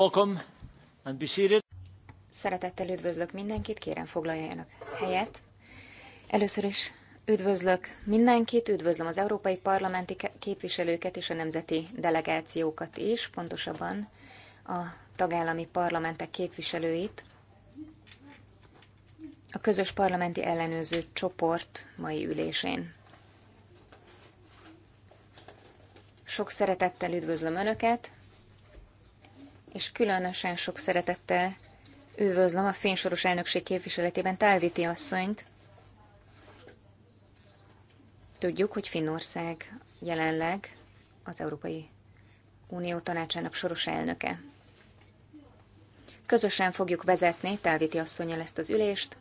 Welcome and be seated. Szeretettel üdvözlök mindenkit, kérem foglaljanak helyet. Először is üdvözlök mindenkit, üdvözlöm az európai parlamenti képviselőket és a nemzeti delegációkat is, pontosabban a tagállami parlamentek képviselőit. A közös parlamenti ellenőrző csoport mai ülésén. Sok szeretettel üdvözlöm Önöket, és különösen sok szeretettel üdvözlöm a fénysoros elnökség képviseletében Tálviti asszonyt. Tudjuk, hogy Finnország jelenleg az Európai Unió tanácsának soros elnöke. Közösen fogjuk vezetni Tálviti asszonyjal ezt az ülést,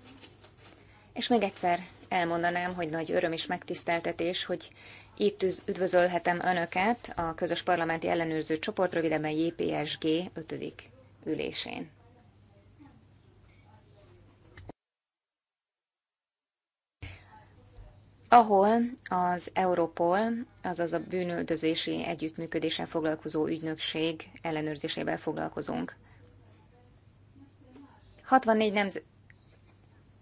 és még egyszer elmondanám, hogy nagy öröm és megtiszteltetés, hogy itt üdvözölhetem Önöket a közös parlamenti ellenőrző csoport, rövidebben JPSG 5. ülésén. ahol az Europol, azaz a bűnöldözési együttműködéssel foglalkozó ügynökség ellenőrzésével foglalkozunk. 64, nemz-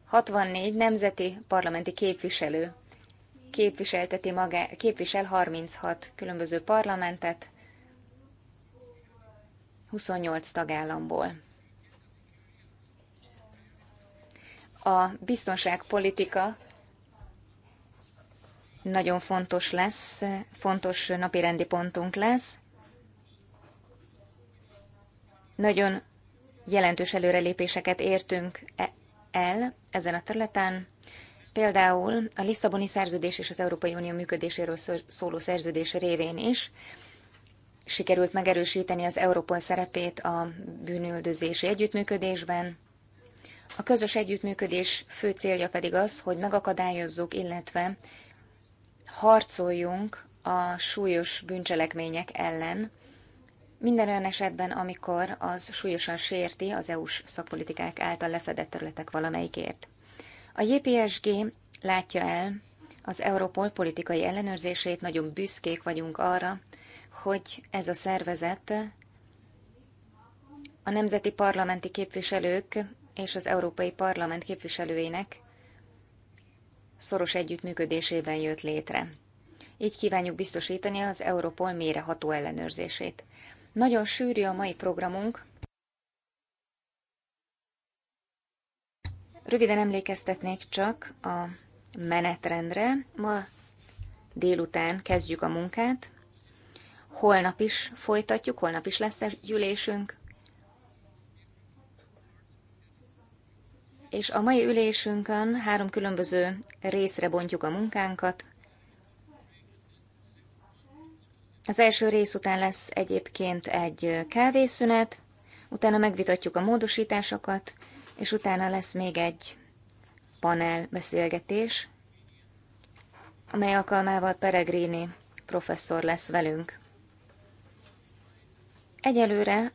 64 nemzeti parlamenti képviselő képviselteti magá, képvisel 36 különböző parlamentet, 28 tagállamból. A biztonságpolitika nagyon fontos lesz, fontos napirendi pontunk lesz. Nagyon jelentős előrelépéseket értünk e- el ezen a területen. Például a Lisszaboni szerződés és az Európai Unió működéséről szóló szerződés révén is sikerült megerősíteni az Európol szerepét a bűnüldözési együttműködésben. A közös együttműködés fő célja pedig az, hogy megakadályozzuk, illetve harcoljunk a súlyos bűncselekmények ellen, minden olyan esetben, amikor az súlyosan sérti az EU-s szakpolitikák által lefedett területek valamelyikért. A JPSG látja el az Europol politikai ellenőrzését, nagyon büszkék vagyunk arra, hogy ez a szervezet a nemzeti parlamenti képviselők és az Európai Parlament képviselőinek szoros együttműködésében jött létre. Így kívánjuk biztosítani az Europol méreható ellenőrzését. Nagyon sűrű a mai programunk, Röviden emlékeztetnék csak a menetrendre. Ma délután kezdjük a munkát. Holnap is folytatjuk, holnap is lesz egy gyűlésünk. És a mai ülésünkön három különböző részre bontjuk a munkánkat. Az első rész után lesz egyébként egy kávészünet, utána megvitatjuk a módosításokat, és utána lesz még egy panel beszélgetés, amely alkalmával Peregrini professzor lesz velünk. Egyelőre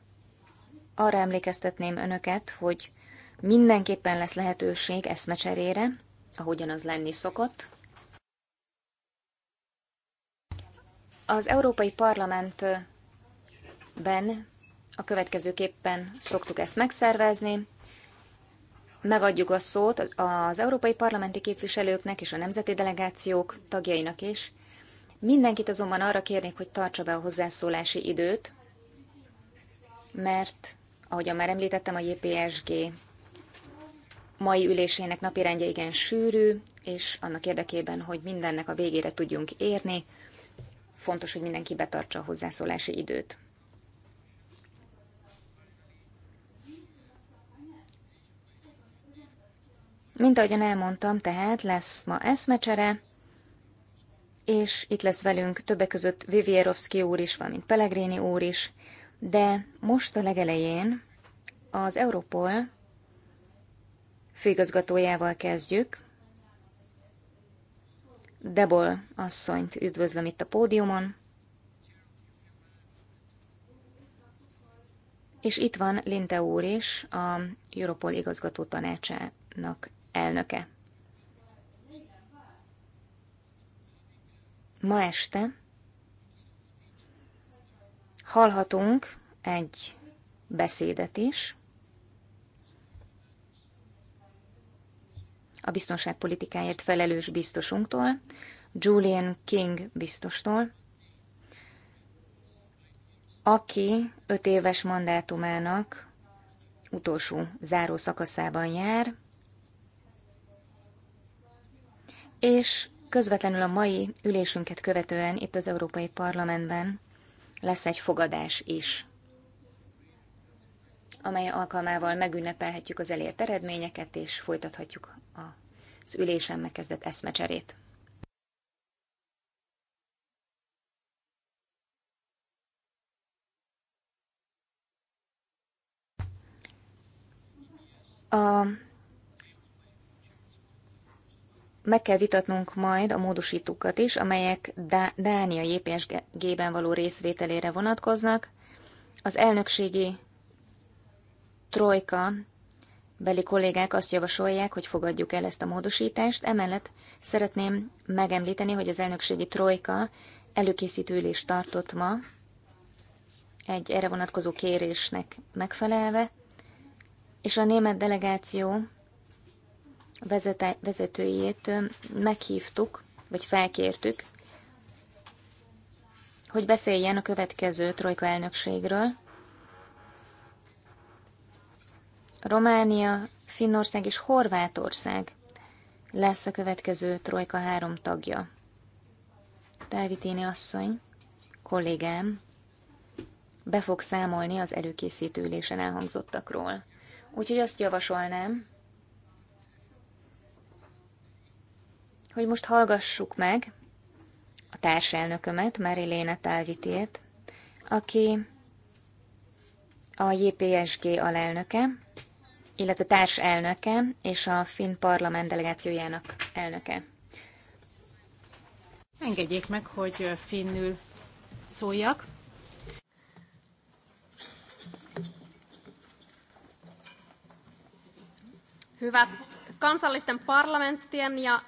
arra emlékeztetném önöket, hogy mindenképpen lesz lehetőség eszmecserére, ahogyan az lenni szokott. Az Európai Parlamentben a következőképpen szoktuk ezt megszervezni megadjuk a szót az európai parlamenti képviselőknek és a nemzeti delegációk tagjainak is. Mindenkit azonban arra kérnék, hogy tartsa be a hozzászólási időt, mert, ahogyan már említettem, a JPSG mai ülésének napirendje igen sűrű, és annak érdekében, hogy mindennek a végére tudjunk érni, fontos, hogy mindenki betartsa a hozzászólási időt. Mint ahogyan elmondtam, tehát lesz ma eszmecsere, és itt lesz velünk többek között Vivierovski úr is, valamint Pellegrini úr is, de most a legelején az Europol főigazgatójával kezdjük. Debol asszonyt üdvözlöm itt a pódiumon. És itt van Linte úr is, a Europol igazgató tanácsának elnöke. Ma este hallhatunk egy beszédet is a biztonságpolitikáért felelős biztosunktól, Julian King biztostól, aki öt éves mandátumának utolsó záró szakaszában jár, és közvetlenül a mai ülésünket követően itt az Európai Parlamentben lesz egy fogadás is, amely alkalmával megünnepelhetjük az elért eredményeket, és folytathatjuk az ülésen megkezdett eszmecserét. A meg kell vitatnunk majd a módosítókat is, amelyek Dá- Dánia JPSG-ben való részvételére vonatkoznak. Az elnökségi trojka beli kollégák azt javasolják, hogy fogadjuk el ezt a módosítást. Emellett szeretném megemlíteni, hogy az elnökségi trojka előkészítő ülést tartott ma, egy erre vonatkozó kérésnek megfelelve, és a német delegáció vezetőjét meghívtuk, vagy felkértük, hogy beszéljen a következő trojka elnökségről. Románia, Finnország és Horvátország lesz a következő trojka három tagja. Táviténi asszony, kollégám, be fog számolni az előkészítő ülésen elhangzottakról. Úgyhogy azt javasolnám, hogy most hallgassuk meg a társelnökömet, Mariléna Tálvitét, aki a JPSG alelnöke, illetve társelnöke és a Finn parlament delegációjának elnöke. Engedjék meg, hogy finnül szóljak. Hyvät kansallisten parlamenttien ja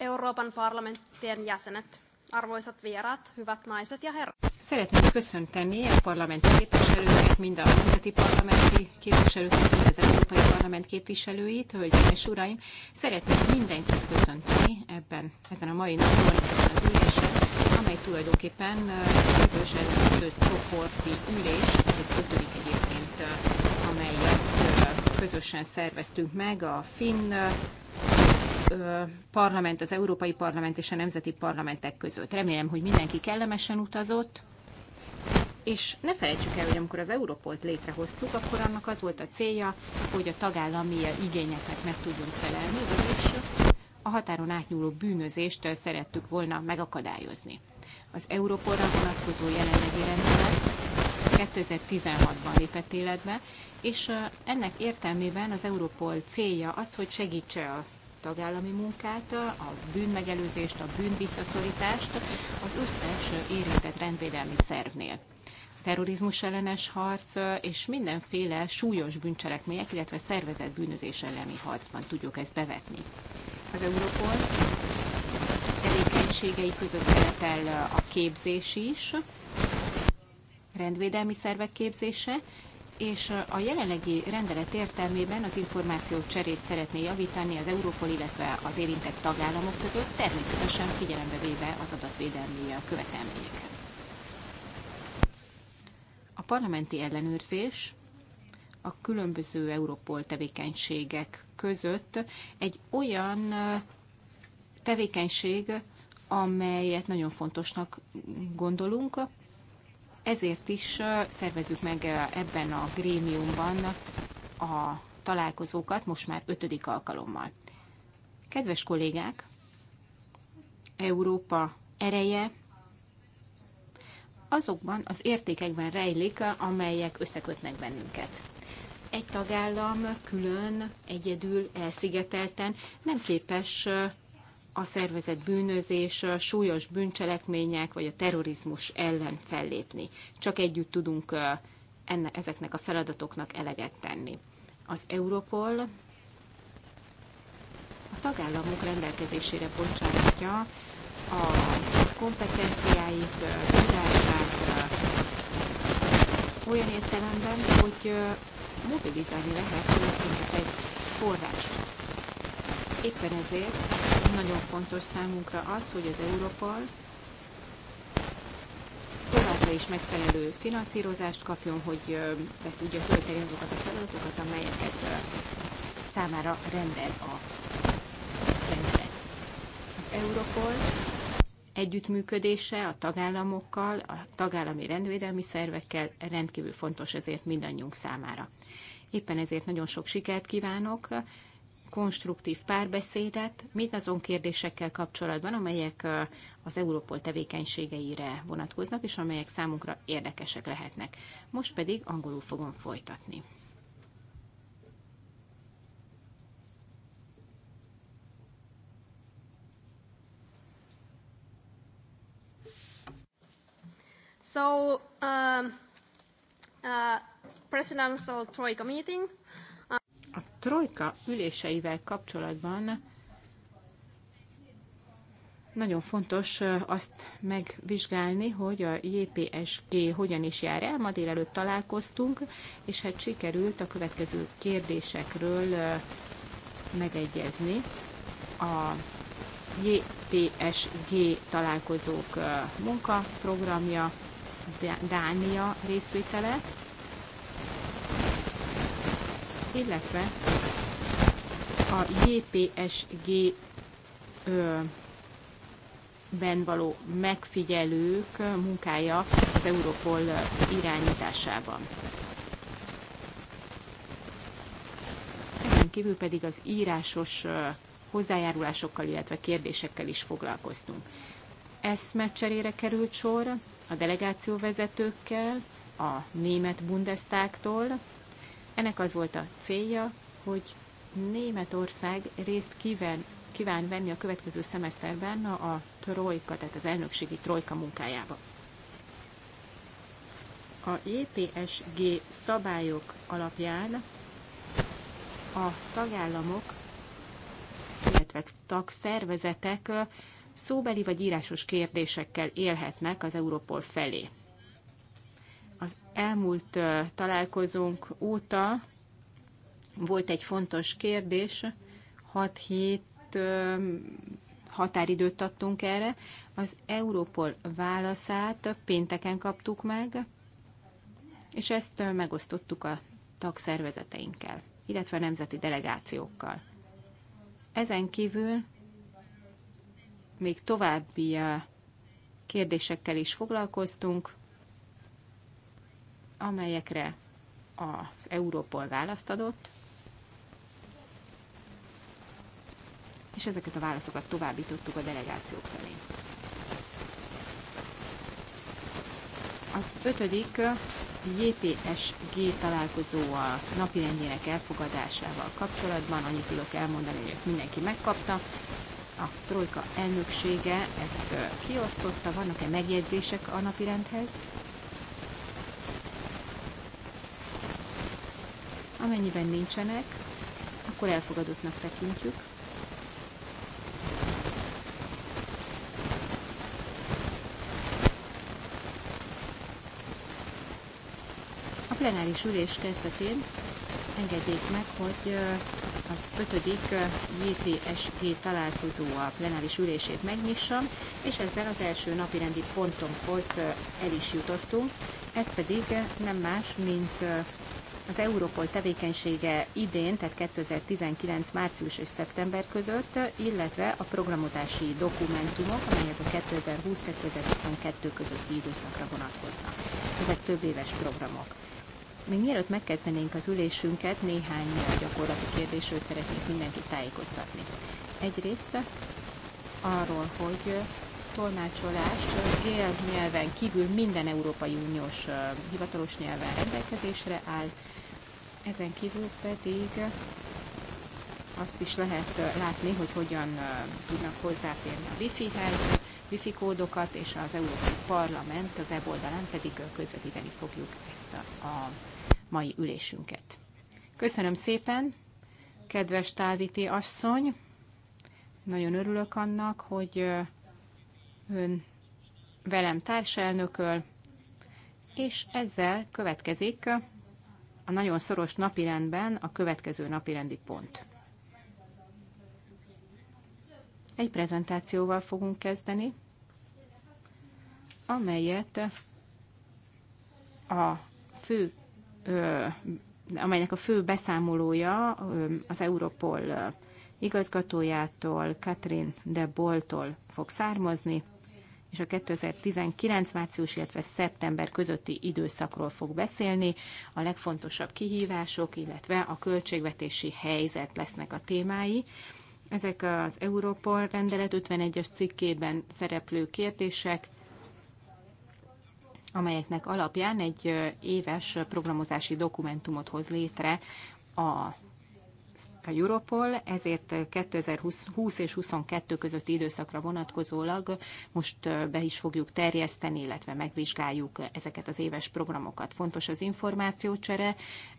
Euroopan parlamenttien jäsenet, arvoisat vieraat, hyvät naiset ja herrat. Szeretném köszönteni a parlamenti képviselőket, mind a nemzeti parlamenti képviselőket, mind az Európai Parlament képviselőit, hölgyeim és uraim. Szeretnék mindenkit köszönteni ebben, ezen a mai napon, ezen az ülésen, amely tulajdonképpen közös előző csoporti ülés, ez az ötödik egyébként, amelyet közösen szerveztünk meg a Finn parlament, az Európai Parlament és a Nemzeti Parlamentek között. Remélem, hogy mindenki kellemesen utazott. És ne felejtsük el, hogy amikor az Európolt létrehoztuk, akkor annak az volt a célja, hogy a tagállami igényeknek meg tudjunk felelni, vagyis a határon átnyúló bűnözést szerettük volna megakadályozni. Az Európolra vonatkozó jelenlegi rendelet 2016-ban lépett életbe, és ennek értelmében az Európol célja az, hogy segítse a tagállami munkát, a bűnmegelőzést, a bűnvisszaszorítást az összes érintett rendvédelmi szervnél terrorizmus ellenes harc és mindenféle súlyos bűncselekmények, illetve szervezett bűnözés elleni harcban tudjuk ezt bevetni. Az Europol tevékenységei között szerepel a képzés is, rendvédelmi szervek képzése, és a jelenlegi rendelet értelmében az információ cserét szeretné javítani az Európol, illetve az érintett tagállamok között, természetesen figyelembe véve az adatvédelmi követelményeket. A parlamenti ellenőrzés a különböző Európol tevékenységek között egy olyan tevékenység, amelyet nagyon fontosnak gondolunk, ezért is szervezzük meg ebben a grémiumban a találkozókat, most már ötödik alkalommal. Kedves kollégák, Európa ereje azokban az értékekben rejlik, amelyek összekötnek bennünket. Egy tagállam külön, egyedül, elszigetelten nem képes a szervezett bűnözés, a súlyos bűncselekmények vagy a terrorizmus ellen fellépni. Csak együtt tudunk enne, ezeknek a feladatoknak eleget tenni. Az Europol a tagállamok rendelkezésére bocsátja a kompetenciáit, tudását olyan értelemben, hogy mobilizálni lehet szinte egy forrást Éppen ezért nagyon fontos számunkra az, hogy az Európol továbbra is megfelelő finanszírozást kapjon, hogy be tudja tölteni azokat a feladatokat, amelyeket számára rendel a rendelet. Az Európol együttműködése a tagállamokkal, a tagállami rendvédelmi szervekkel rendkívül fontos ezért mindannyiunk számára. Éppen ezért nagyon sok sikert kívánok konstruktív párbeszédet mindazon kérdésekkel kapcsolatban, amelyek az Európol tevékenységeire vonatkoznak, és amelyek számunkra érdekesek lehetnek. Most pedig angolul fogom folytatni. So, um, uh, Presidential Troika meeting trojka üléseivel kapcsolatban nagyon fontos azt megvizsgálni, hogy a JPSG hogyan is jár el. Ma délelőtt találkoztunk, és hát sikerült a következő kérdésekről megegyezni. A JPSG találkozók munkaprogramja, Dánia részvétele, illetve a JPSG-ben való megfigyelők munkája az Europol irányításában. Ezen kívül pedig az írásos hozzájárulásokkal, illetve kérdésekkel is foglalkoztunk. Eszmecserére került sor a delegáció vezetőkkel, a német Bundestagtól, ennek az volt a célja, hogy Németország részt kíván, kíván venni a következő szemeszterben a trojka, tehát az elnökségi trojka munkájába. A JPSG szabályok alapján a tagállamok, illetve tagszervezetek szóbeli vagy írásos kérdésekkel élhetnek az Európol felé. Az elmúlt találkozónk óta volt egy fontos kérdés, 6 hét határidőt adtunk erre. Az Európol válaszát pénteken kaptuk meg, és ezt megosztottuk a tagszervezeteinkkel, illetve a nemzeti delegációkkal. Ezen kívül még további kérdésekkel is foglalkoztunk, amelyekre az Európol választ adott, és ezeket a válaszokat továbbítottuk a delegációk felé. Az ötödik JPSG találkozó a napirendjének elfogadásával kapcsolatban annyit tudok elmondani, hogy ezt mindenki megkapta. A Trojka elnöksége ezt kiosztotta. Vannak-e megjegyzések a napirendhez? Amennyiben nincsenek, akkor elfogadottnak tekintjük. A plenáris ülés kezdetén engedjék meg, hogy az ötödik JTSG találkozó a plenáris ülését megnyissam, és ezzel az első napi rendi pontomhoz el is jutottunk, ez pedig nem más, mint az Európol tevékenysége idén, tehát 2019. március és szeptember között, illetve a programozási dokumentumok, amelyek a 2020-2022 közötti időszakra vonatkoznak. Ezek több éves programok. Még mielőtt megkezdenénk az ülésünket, néhány gyakorlati kérdésről szeretnék mindenkit tájékoztatni. Egyrészt arról, hogy tolmácsolást gél nyelven kívül minden Európai Uniós hivatalos nyelven rendelkezésre áll, ezen kívül pedig azt is lehet látni, hogy hogyan tudnak hozzáférni a Wi-Fi-hez, Wi-Fi kódokat, és az Európai Parlament weboldalán pedig közvetíteni fogjuk ezt a, a mai ülésünket. Köszönöm szépen, kedves Tálviti asszony! Nagyon örülök annak, hogy ön velem társelnököl, és ezzel következik a nagyon szoros napirendben a következő napirendi pont. Egy prezentációval fogunk kezdeni, amelyet a fő, ö, amelynek a fő beszámolója ö, az Europol ö, igazgatójától, Katrin de Boltól fog származni és a 2019 március, illetve szeptember közötti időszakról fog beszélni. A legfontosabb kihívások, illetve a költségvetési helyzet lesznek a témái. Ezek az Európol rendelet 51-es cikkében szereplő kérdések, amelyeknek alapján egy éves programozási dokumentumot hoz létre a a Europol, ezért 2020 és 22 közötti időszakra vonatkozólag most be is fogjuk terjeszteni, illetve megvizsgáljuk ezeket az éves programokat. Fontos az információcsere,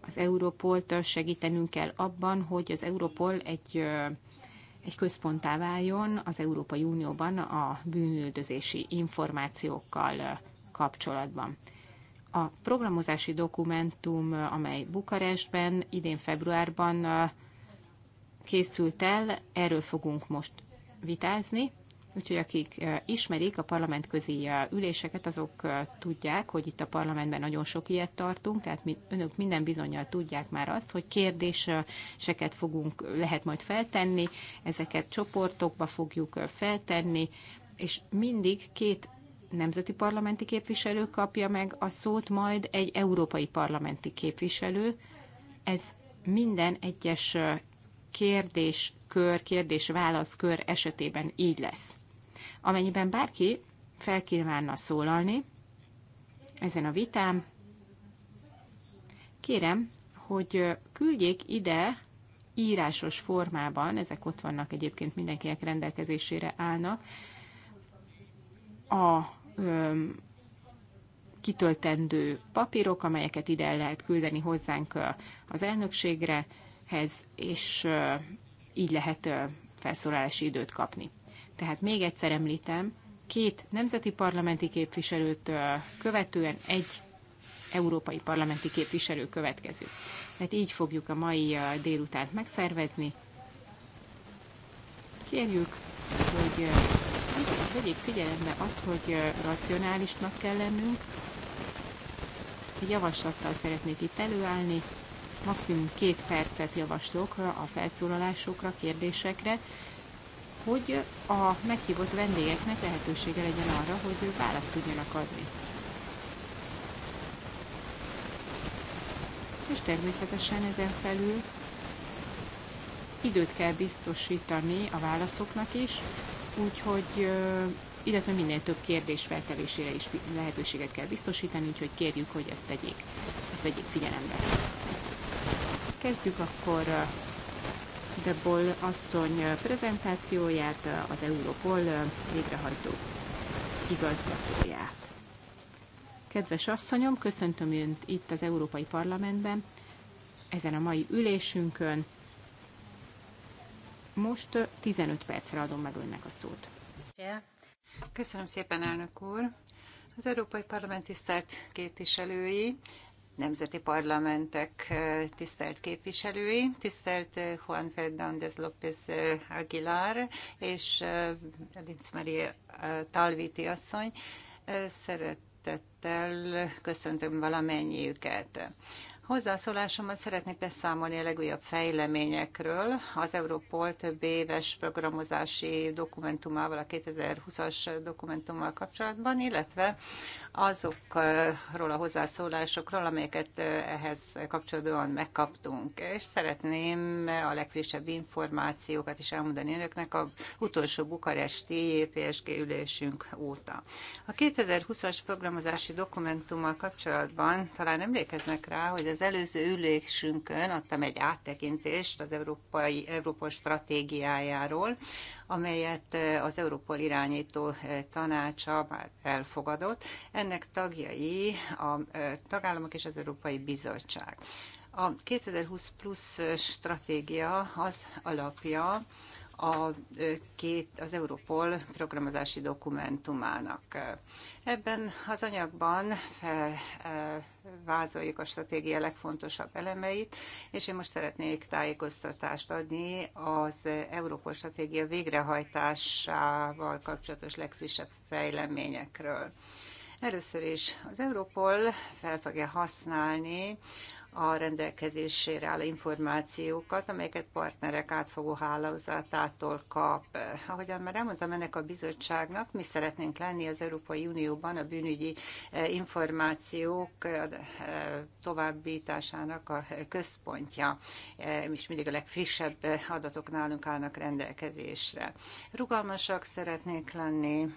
az Europolt segítenünk kell abban, hogy az Europol egy egy központtá váljon az Európai Unióban a bűnöldözési információkkal kapcsolatban. A programozási dokumentum, amely Bukarestben idén februárban készült el, erről fogunk most vitázni. Úgyhogy akik eh, ismerik a parlamentközi eh, üléseket, azok eh, tudják, hogy itt a parlamentben nagyon sok ilyet tartunk, tehát mi, önök minden bizonyal tudják már azt, hogy kérdéseket fogunk, lehet majd feltenni, ezeket csoportokba fogjuk feltenni, és mindig két nemzeti parlamenti képviselő kapja meg a szót, majd egy európai parlamenti képviselő. Ez minden egyes kérdéskör, kérdés-válaszkör esetében így lesz. Amennyiben bárki felkívánna szólalni ezen a vitám, kérem, hogy küldjék ide írásos formában, ezek ott vannak egyébként mindenkinek rendelkezésére állnak, a ö, kitöltendő papírok, amelyeket ide lehet küldeni hozzánk az elnökségre, és így lehet felszólalási időt kapni. Tehát még egyszer említem, két nemzeti parlamenti képviselőt követően egy európai parlamenti képviselő következő. Tehát így fogjuk a mai délutánt megszervezni. Kérjük, hogy vegyék figyelembe azt, hogy racionálisnak kell lennünk. Egy javaslattal szeretnék itt előállni, maximum két percet javaslok a felszólalásokra, kérdésekre, hogy a meghívott vendégeknek lehetősége legyen arra, hogy választ tudjanak adni. És természetesen ezen felül időt kell biztosítani a válaszoknak is, úgyhogy illetve minél több kérdés feltevésére is lehetőséget kell biztosítani, úgyhogy kérjük, hogy ezt tegyék, ezt vegyék figyelembe. Kezdjük akkor uh, De Boll asszony uh, prezentációját, uh, az Europol végrehajtó igazgatóját. Kedves asszonyom, köszöntöm Önt itt az Európai Parlamentben, ezen a mai ülésünkön. Most 15 percre adom meg Önnek a szót. Köszönöm szépen, elnök úr! Az Európai Parlament tisztelt képviselői, nemzeti parlamentek tisztelt képviselői, tisztelt Juan Fernández López Aguilar és Linz Maria Talviti asszony, szeretettel köszöntöm valamennyiüket. Hozzászólásomat szeretnék beszámolni a legújabb fejleményekről. Az Europol több éves programozási dokumentumával, a 2020-as dokumentummal kapcsolatban, illetve azokról a hozzászólásokról, amelyeket ehhez kapcsolódóan megkaptunk. És szeretném a legfrissebb információkat is elmondani önöknek a utolsó bukaresti PSG ülésünk óta. A 2020-as programozási dokumentummal kapcsolatban talán emlékeznek rá, hogy az előző ülésünkön adtam egy áttekintést az európai Európa stratégiájáról, amelyet az Európol irányító tanácsa már elfogadott. Ennek tagjai a tagállamok és az Európai Bizottság. A 2020 plusz stratégia az alapja a két, az Europol programozási dokumentumának. Ebben az anyagban felvázoljuk a stratégia legfontosabb elemeit, és én most szeretnék tájékoztatást adni az Európol stratégia végrehajtásával kapcsolatos legfrissebb fejleményekről. Először is az Europol fel fogja használni a rendelkezésére álló információkat, amelyeket partnerek átfogó hálózatától kap. Ahogyan már elmondtam ennek a bizottságnak, mi szeretnénk lenni az Európai Unióban a bűnügyi eh, információk eh, eh, továbbításának a központja, és mindig a legfrissebb adatok nálunk állnak rendelkezésre. Rugalmasak szeretnék lenni,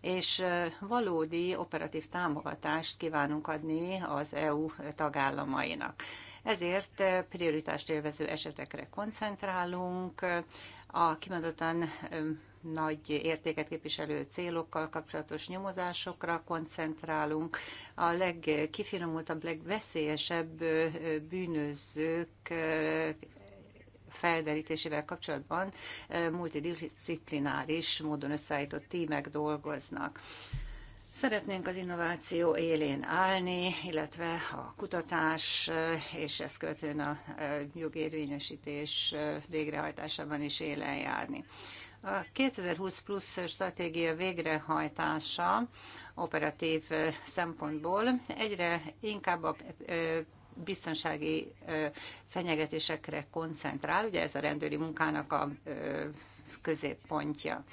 és valódi operatív támogatást kívánunk adni az EU tagállamainak. Ezért prioritást élvező esetekre koncentrálunk, a kimondottan nagy értéket képviselő célokkal kapcsolatos nyomozásokra koncentrálunk. A legkifinomultabb, legveszélyesebb bűnözők felderítésével kapcsolatban multidisciplináris módon összeállított tímek dolgoznak. Szeretnénk az innováció élén állni, illetve a kutatás és ezt követően a jogérvényesítés végrehajtásában is élen járni. A 2020 plusz stratégia végrehajtása operatív szempontból egyre inkább a biztonsági fenyegetésekre koncentrál, ugye ez a rendőri munkának a középpontja.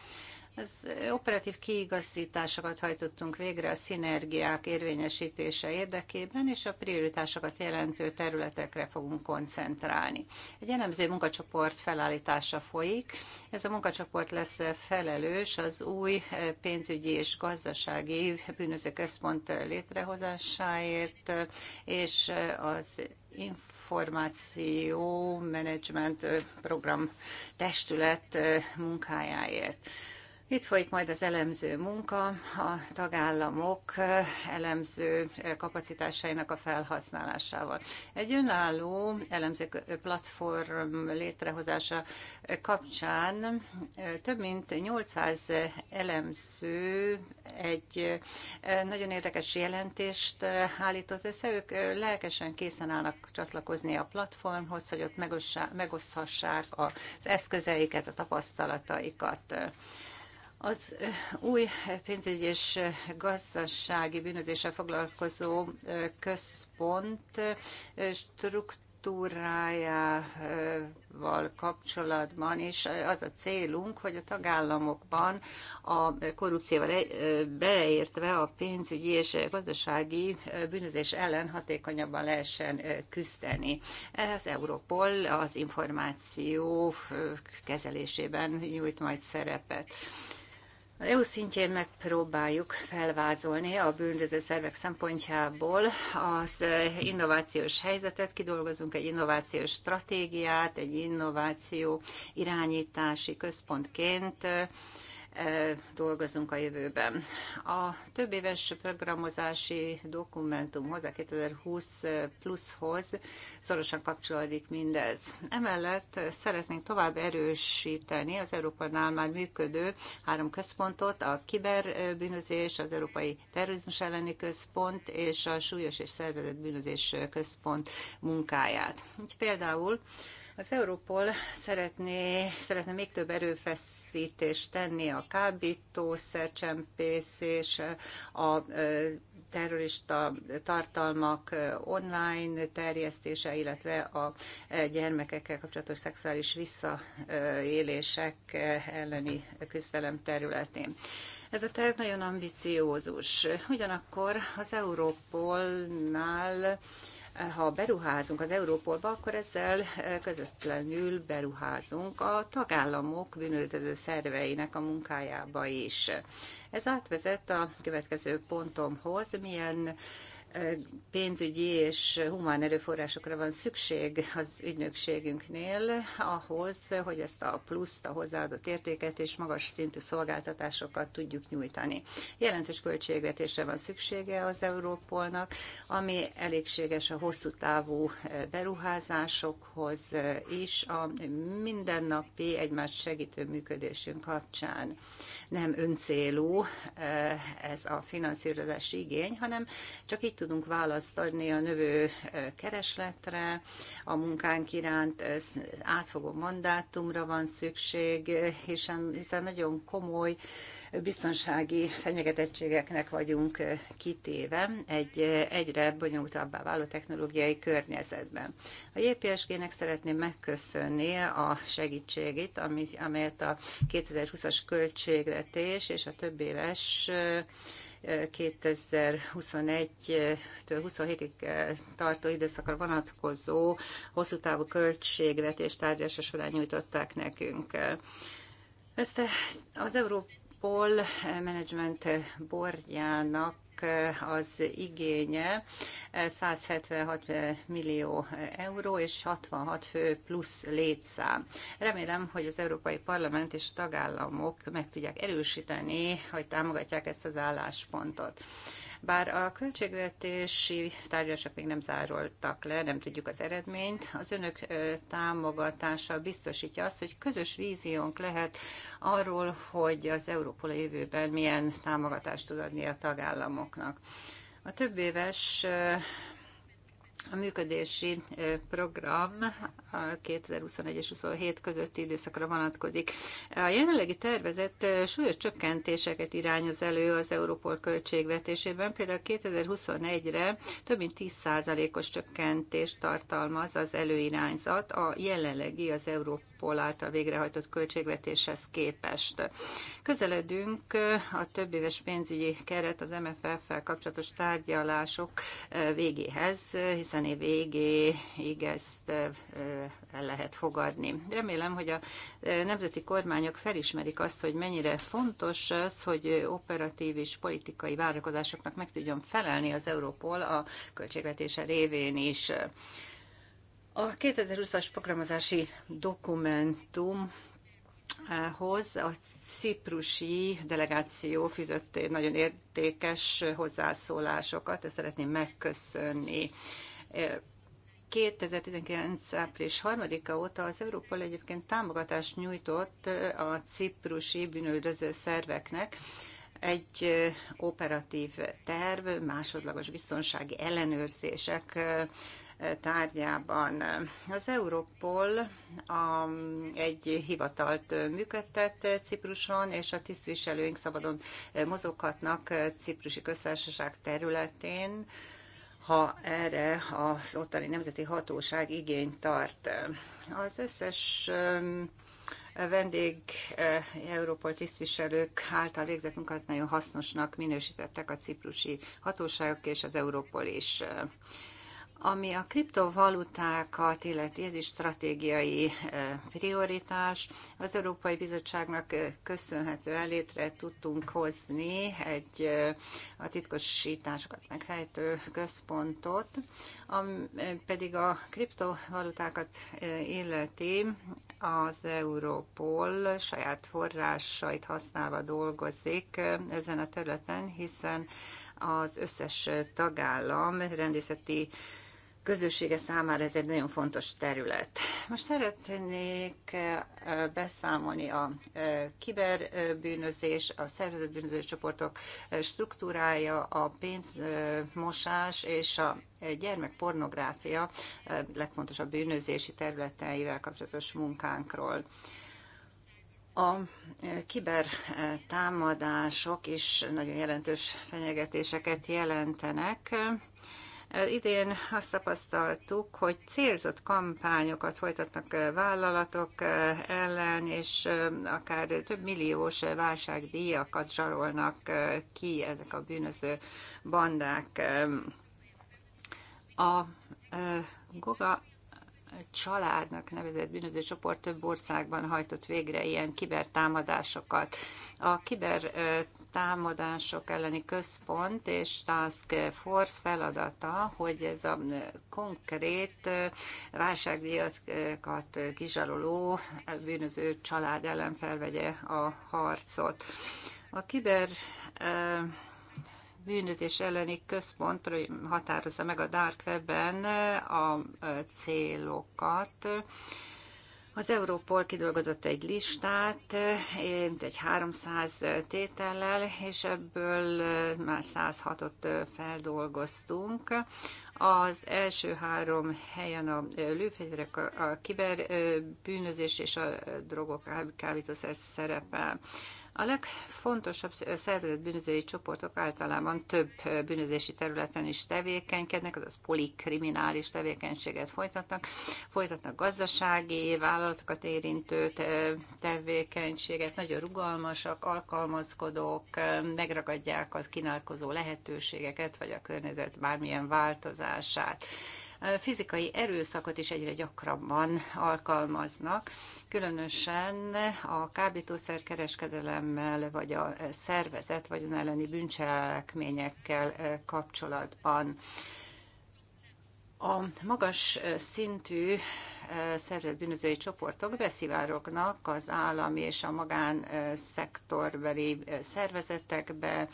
Az operatív kiigazításokat hajtottunk végre a szinergiák érvényesítése érdekében, és a prioritásokat jelentő területekre fogunk koncentrálni. Egy elemző munkacsoport felállítása folyik. Ez a munkacsoport lesz felelős az új pénzügyi és gazdasági bűnözőközpont létrehozásáért, és az információ menedzsment program testület munkájáért. Itt folyik majd az elemző munka, a tagállamok eh, elemző eh, kapacitásainak a felhasználásával. Egy önálló elemző platform létrehozása eh, kapcsán több mint 800 elemző egy nagyon érdekes jelentést állított össze. Ők lelkesen készen állnak csatlakozni a platformhoz, hogy ott megoszthassák az eszközeiket, a tapasztalataikat. Az új pénzügyi és gazdasági bűnözéssel foglalkozó központ struktúrájával kapcsolatban, és az a célunk, hogy a tagállamokban a korrupcióval beleértve a pénzügyi és gazdasági bűnözés ellen hatékonyabban lehessen küzdeni. Az Europol az információ kezelésében nyújt majd szerepet. Az EU szintjén megpróbáljuk felvázolni a bűnöző szervek szempontjából az eh, innovációs helyzetet, kidolgozunk egy innovációs stratégiát, egy innováció irányítási központként, eh, dolgozunk a jövőben. A több éves programozási dokumentumhoz, a 2020 pluszhoz szorosan kapcsolódik mindez. Emellett szeretnénk tovább erősíteni az Európánál már működő három központot, a kiberbűnözés, az Európai Terrorizmus elleni központ és a súlyos és szervezett bűnözés központ munkáját. például az Europol szeretné, szeretne még több erőfeszítést tenni a kábítószercsempész és a terrorista tartalmak online terjesztése, illetve a gyermekekkel kapcsolatos szexuális visszaélések elleni küzdelem területén. Ez a terv nagyon ambiciózus. Ugyanakkor az Európolnál ha beruházunk az Európolba, akkor ezzel eh, közvetlenül beruházunk a tagállamok bűnöldöző szerveinek a munkájába is. Ez átvezet a következő pontomhoz, milyen pénzügyi és humán erőforrásokra van szükség az ügynökségünknél ahhoz, hogy ezt a pluszt, a hozzáadott értéket és magas szintű szolgáltatásokat tudjuk nyújtani. Jelentős költségvetésre van szüksége az Európolnak, ami elégséges a hosszú távú eh, beruházásokhoz eh, is a mindennapi egymást segítő működésünk kapcsán. Nem öncélú eh, ez a finanszírozási igény, hanem csak így tudunk választ adni a növő keresletre, a munkánk iránt átfogó mandátumra van szükség, hiszen, hiszen nagyon komoly biztonsági fenyegetettségeknek vagyunk kitéve egy egyre bonyolultabbá váló technológiai környezetben. A JPSG-nek szeretném megköszönni a segítségét, amelyet a 2020-as költségvetés és a több éves 2021-től 27-ig eh, tartó időszakra vonatkozó hosszú távú költségvetés tárgyása során nyújtották nekünk. Ezt az Európol Management Boardjának Eh, az igénye 176 eh, eh, millió euró és 66 fő plusz létszám. Remélem, hogy az Európai Parlament és a tagállamok meg tudják erősíteni, hogy támogatják ezt az álláspontot. Bár a költségvetési tárgyalások még nem zároltak le, nem tudjuk az eredményt, az önök támogatása biztosítja azt, hogy közös víziónk lehet arról, hogy az Európa jövőben milyen támogatást tud adni a tagállamoknak. A több éves a működési program 2021 és 27 közötti időszakra vonatkozik. A jelenlegi tervezet súlyos csökkentéseket irányoz elő az Európol költségvetésében, például 2021-re több mint 10%-os csökkentést tartalmaz az előirányzat a jelenlegi az Európol Europol által végrehajtott költségvetéshez képest. Közeledünk a éves pénzügyi keret az MFF-fel kapcsolatos tárgyalások eh, végéhez, hiszen év végéig ezt eh, el lehet fogadni. Remélem, hogy a eh, nemzeti kormányok felismerik azt, hogy mennyire fontos az, hogy operatív és politikai várakozásoknak meg tudjon felelni az Európol a költségvetése révén is. A 2020-as programozási dokumentum hoz a ciprusi delegáció fűzött nagyon értékes hozzászólásokat, ezt szeretném megköszönni. 2019. április 3-a óta az Európa egyébként támogatást nyújtott a ciprusi bűnöldöző szerveknek, egy operatív terv, másodlagos biztonsági ellenőrzések tárgyában. Az Europol a, egy hivatalt működtet Cipruson, és a tisztviselőink szabadon mozoghatnak Ciprusi Köztársaság területén, ha erre az ottani nemzeti hatóság igény tart. Az összes vendég Európol tisztviselők által végzett munkát nagyon hasznosnak minősítettek a ciprusi hatóságok és az Európol is. Ami a kriptovalutákat illeti, ez is stratégiai eh, prioritás. Az Európai Bizottságnak eh, köszönhetően létre tudtunk hozni egy eh, a titkosításokat megfejtő központot, ami pedig a kriptovalutákat illeti, az Európol saját forrásait használva dolgozik ezen a területen, hiszen az összes tagállam rendészeti közössége számára ez egy nagyon fontos terület. Most szeretnék beszámolni a kiberbűnözés, a szervezetbűnöző csoportok struktúrája, a pénzmosás és a gyermekpornográfia legfontosabb bűnözési területeivel kapcsolatos munkánkról. A kibertámadások is nagyon jelentős fenyegetéseket jelentenek. Idén azt tapasztaltuk, hogy célzott kampányokat folytatnak eh, vállalatok eh, ellen, és eh, akár több milliós válságdíjakat zsarolnak ki ezek a bűnöző bandák. A Goga családnak nevezett bűnöző csoport több országban hajtott végre ilyen kibertámadásokat. A kiber támadások elleni központ és Task Force feladata, hogy ez a konkrét válságdíjakat kizsaroló bűnöző család ellen felvegye a harcot. A kiber bűnözés elleni központ határozza meg a Dark Webben a célokat, az Európol kidolgozott egy listát, egy 300 tétellel, és ebből már 106-ot feldolgoztunk. Az első három helyen a lőfegyverek, a kiberbűnözés és a drogok, kábítószer szerepel. A legfontosabb szervezett bűnözői csoportok általában több bűnözési területen is tevékenykednek, azaz polikriminális tevékenységet folytatnak, folytatnak gazdasági, vállalatokat érintő tevékenységet, nagyon rugalmasak, alkalmazkodók, megragadják az kínálkozó lehetőségeket, vagy a környezet bármilyen változását fizikai erőszakot is egyre gyakrabban alkalmaznak, különösen a kábítószerkereskedelemmel, vagy a szervezet vagy elleni bűncselekményekkel kapcsolatban. A magas szintű szervezett bűnözői csoportok beszivárognak az állami és a magán szektorbeli szervezetekbe,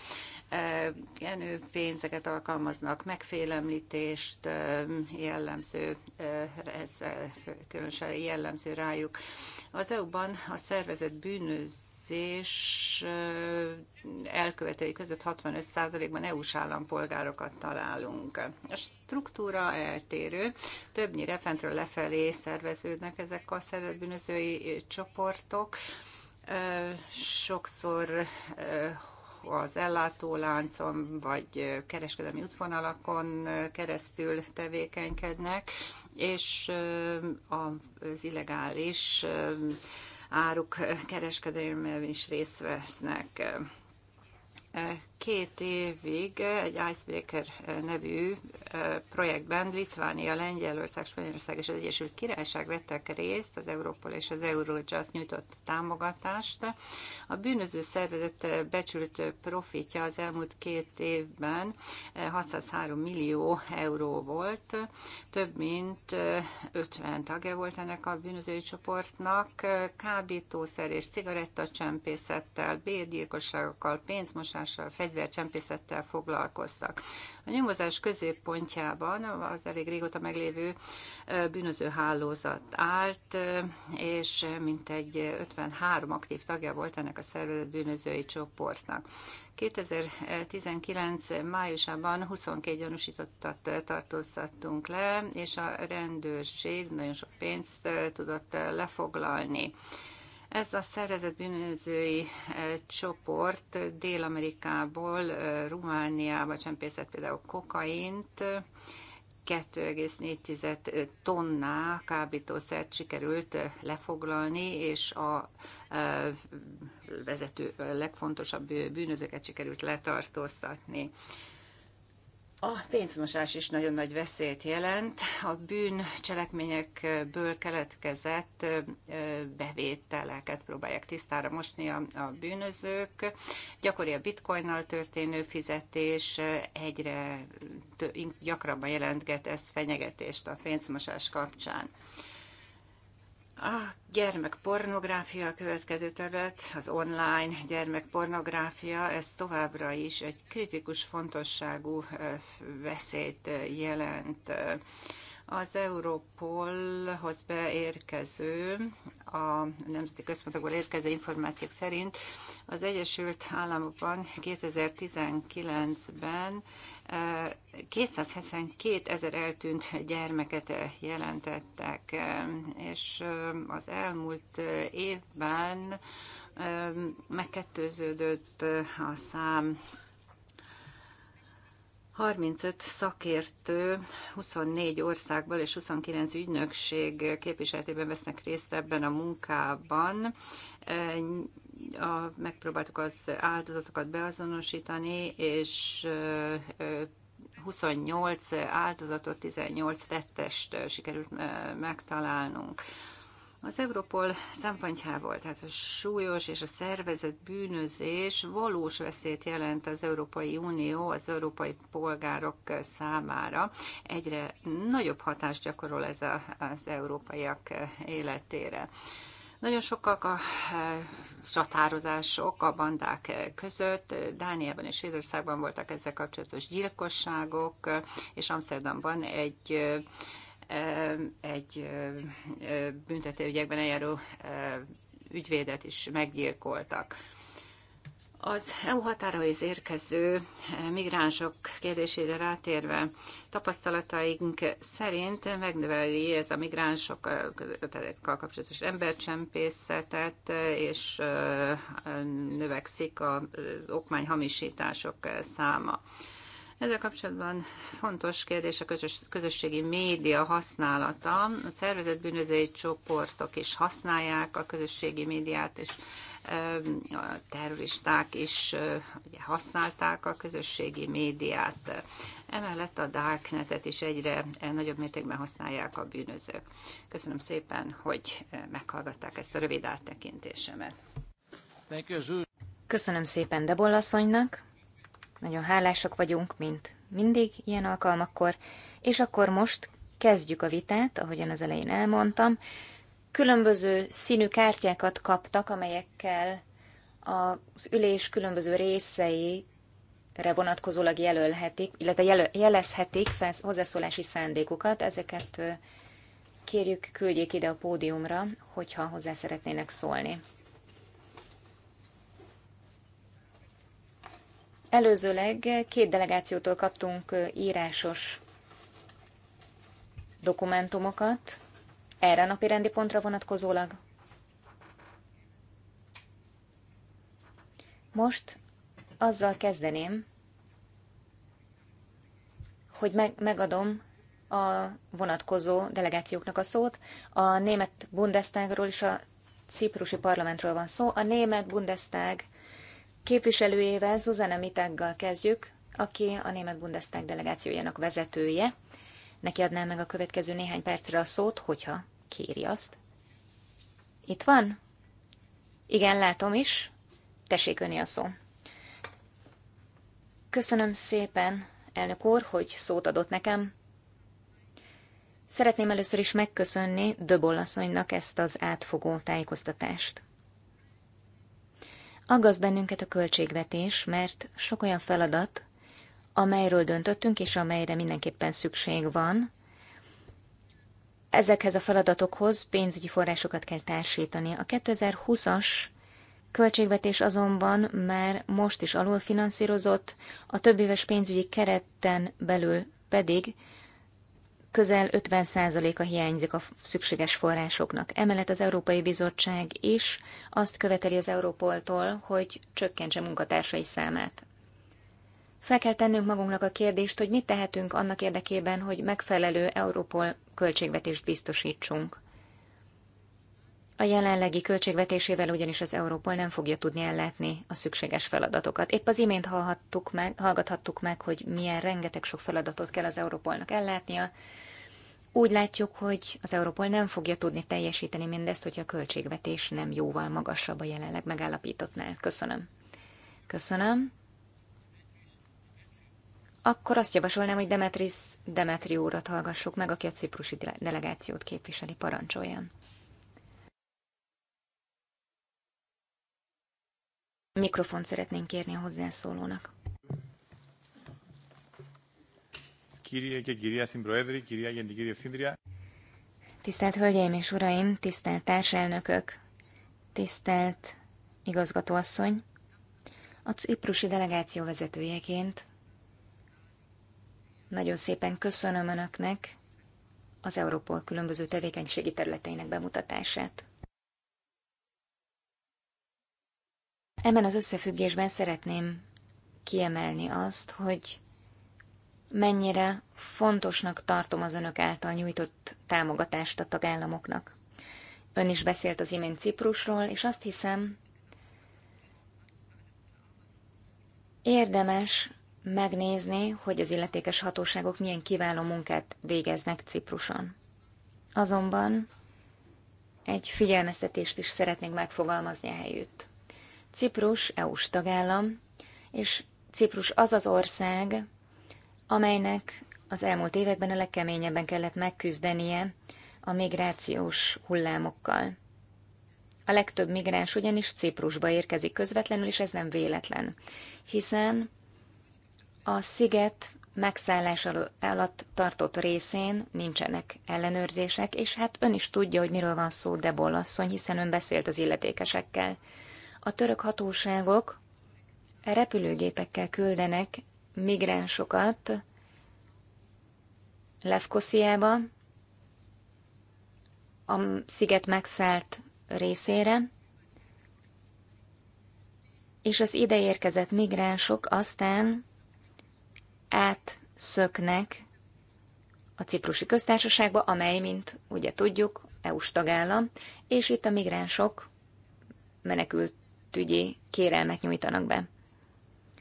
enő pénzeket alkalmaznak, megfélemlítést jellemző, ez különösen jellemző rájuk. Az EU-ban a szervezett bűnöző bűnözés elkövetői között 65%-ban EU-s állampolgárokat találunk. A struktúra eltérő, többnyire fentről lefelé szerveződnek ezek a szervezetbűnözői csoportok, sokszor az ellátóláncon vagy kereskedelmi útvonalakon keresztül tevékenykednek, és az illegális áruk kereskedelmében is részt vesznek két évig egy Icebreaker nevű projektben Litvánia, Lengyelország, Spanyolország és az Egyesült Királyság vettek részt, az Európol és az Eurojust nyújtott támogatást. A bűnöző szervezet becsült profitja az elmúlt két évben 603 millió euró volt, több mint 50 tagja volt ennek a bűnözői csoportnak, kábítószer és cigarettacsempészettel, bérgyilkosságokkal, pénzmosással, fegy fegyvercsempészettel foglalkoztak. A nyomozás középpontjában az elég régóta meglévő bűnöző hálózat állt, és mintegy 53 aktív tagja volt ennek a szervezet bűnözői csoportnak. 2019. májusában 22 gyanúsítottat tartóztattunk le, és a rendőrség nagyon sok pénzt tudott lefoglalni. Ez a szervezet bűnözői csoport Dél-Amerikából Romániába csempészett például kokaint, 2,4 tonná kábítószert sikerült lefoglalni, és a vezető legfontosabb bűnözőket sikerült letartóztatni. A pénzmosás is nagyon nagy veszélyt jelent. A bűn cselekményekből keletkezett bevételeket próbálják tisztára mosni a, a bűnözők. Gyakori a bitcoinnal történő fizetés, egyre gyakran gyakrabban jelentget ez fenyegetést a pénzmosás kapcsán. A gyermekpornográfia a következő terület, az online gyermekpornográfia, ez továbbra is egy kritikus fontosságú veszélyt jelent. Az Europolhoz beérkező, a nemzeti központokból érkező információk szerint az Egyesült Államokban 2019-ben 272 ezer eltűnt gyermeket jelentettek, és az elmúlt évben megkettőződött a szám 35 szakértő 24 országból és 29 ügynökség képviseletében vesznek részt ebben a munkában a, megpróbáltuk az áldozatokat beazonosítani, és 28 áldozatot, 18 tettest sikerült megtalálnunk. Az Európol szempontjából, tehát a súlyos és a szervezett bűnözés valós veszélyt jelent az Európai Unió, az európai polgárok számára. Egyre nagyobb hatást gyakorol ez az európaiak életére. Nagyon sokak a e, csatározások a bandák e, között. Dániában és Svédországban voltak ezzel kapcsolatos gyilkosságok, e, és Amsterdamban egy egy büntetőügyekben eljáró ügyvédet is meggyilkoltak. Az EU határaiz érkező migránsok kérdésére rátérve tapasztalataink szerint megnöveli ez a migránsokkal kapcsolatos embercsempészetet, és növekszik az okmányhamisítások száma. Ezzel kapcsolatban fontos kérdés a közös, közösségi média használata. A szervezet bűnözői csoportok is használják a közösségi médiát, és a terroristák is ugye, használták a közösségi médiát. Emellett a darknetet is egyre e, nagyobb mértékben használják a bűnözők. Köszönöm szépen, hogy e, meghallgatták ezt a rövid áttekintésemet. Köszönöm szépen Debol asszonynak. Nagyon hálásak vagyunk, mint mindig ilyen alkalmakkor. És akkor most kezdjük a vitát, ahogyan az elején elmondtam. Különböző színű kártyákat kaptak, amelyekkel az ülés különböző részeire vonatkozólag jelölhetik, illetve jelezhetik hozzászólási szándékukat. Ezeket kérjük, küldjék ide a pódiumra, hogyha hozzá szeretnének szólni. Előzőleg két delegációtól kaptunk írásos dokumentumokat, erre a napi rendi pontra vonatkozólag? Most azzal kezdeném, hogy meg, megadom a vonatkozó delegációknak a szót. A német Bundestagról és a ciprusi parlamentről van szó. A német Bundestag képviselőjével, Zuzana Mitággal kezdjük, aki a német Bundestag delegációjának vezetője. Neki adnám meg a következő néhány percre a szót, hogyha kéri azt. Itt van? Igen, látom is. Tessék öné a szó. Köszönöm szépen, elnök úr, hogy szót adott nekem. Szeretném először is megköszönni Döbol asszonynak ezt az átfogó tájékoztatást. Aggaszt bennünket a költségvetés, mert sok olyan feladat, amelyről döntöttünk, és amelyre mindenképpen szükség van. Ezekhez a feladatokhoz pénzügyi forrásokat kell társítani. A 2020-as költségvetés azonban már most is alulfinanszírozott, a többéves pénzügyi keretten belül pedig közel 50%-a hiányzik a szükséges forrásoknak. Emellett az Európai Bizottság is azt követeli az Európoltól, hogy csökkentse munkatársai számát. Fel kell tennünk magunknak a kérdést, hogy mit tehetünk annak érdekében, hogy megfelelő Európol költségvetést biztosítsunk. A jelenlegi költségvetésével ugyanis az Európol nem fogja tudni ellátni a szükséges feladatokat. Épp az imént hallhattuk meg, hallgathattuk meg, hogy milyen rengeteg sok feladatot kell az Európolnak ellátnia. Úgy látjuk, hogy az Európol nem fogja tudni teljesíteni mindezt, hogyha a költségvetés nem jóval magasabb a jelenleg megállapítottnál. Köszönöm. Köszönöm akkor azt javasolnám, hogy Demetris Demetri úrat hallgassuk meg, aki a ciprusi delegációt képviseli, parancsoljon. Mikrofont szeretnénk kérni a hozzászólónak. Tisztelt Hölgyeim és Uraim, tisztelt társelnökök, tisztelt igazgatóasszony! A ciprusi delegáció vezetőjeként nagyon szépen köszönöm Önöknek az Európol különböző tevékenységi területeinek bemutatását. Ebben az összefüggésben szeretném kiemelni azt, hogy mennyire fontosnak tartom az önök által nyújtott támogatást a tagállamoknak. Ön is beszélt az imént Ciprusról, és azt hiszem, érdemes megnézni, hogy az illetékes hatóságok milyen kiváló munkát végeznek Cipruson. Azonban egy figyelmeztetést is szeretnék megfogalmazni a e helyütt. Ciprus EU-s tagállam, és Ciprus az az ország, amelynek az elmúlt években a legkeményebben kellett megküzdenie a migrációs hullámokkal. A legtöbb migráns ugyanis Ciprusba érkezik közvetlenül, és ez nem véletlen, hiszen a sziget megszállás alatt tartott részén nincsenek ellenőrzések, és hát ön is tudja, hogy miről van szó Debol asszony, hiszen ön beszélt az illetékesekkel. A török hatóságok repülőgépekkel küldenek migránsokat Lefkosziába, a sziget megszállt részére, és az ideérkezett migránsok aztán átszöknek a ciprusi köztársaságba, amely, mint ugye tudjuk, EU-s tagállam, és itt a migránsok menekültügyi kérelmet nyújtanak be.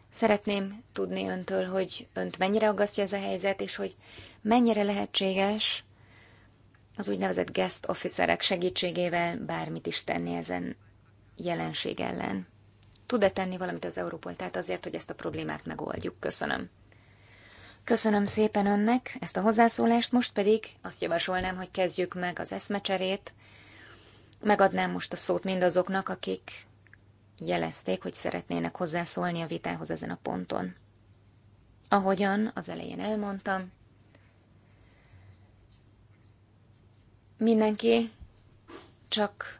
Szeretném tudni öntől, hogy önt mennyire aggasztja ez a helyzet, és hogy mennyire lehetséges az úgynevezett guest officerek segítségével bármit is tenni ezen jelenség ellen. Tud-e tenni valamit az Európol, tehát azért, hogy ezt a problémát megoldjuk? Köszönöm. Köszönöm szépen önnek ezt a hozzászólást, most pedig azt javasolnám, hogy kezdjük meg az eszmecserét. Megadnám most a szót mindazoknak, akik jelezték, hogy szeretnének hozzászólni a vitához ezen a ponton. Ahogyan az elején elmondtam, mindenki csak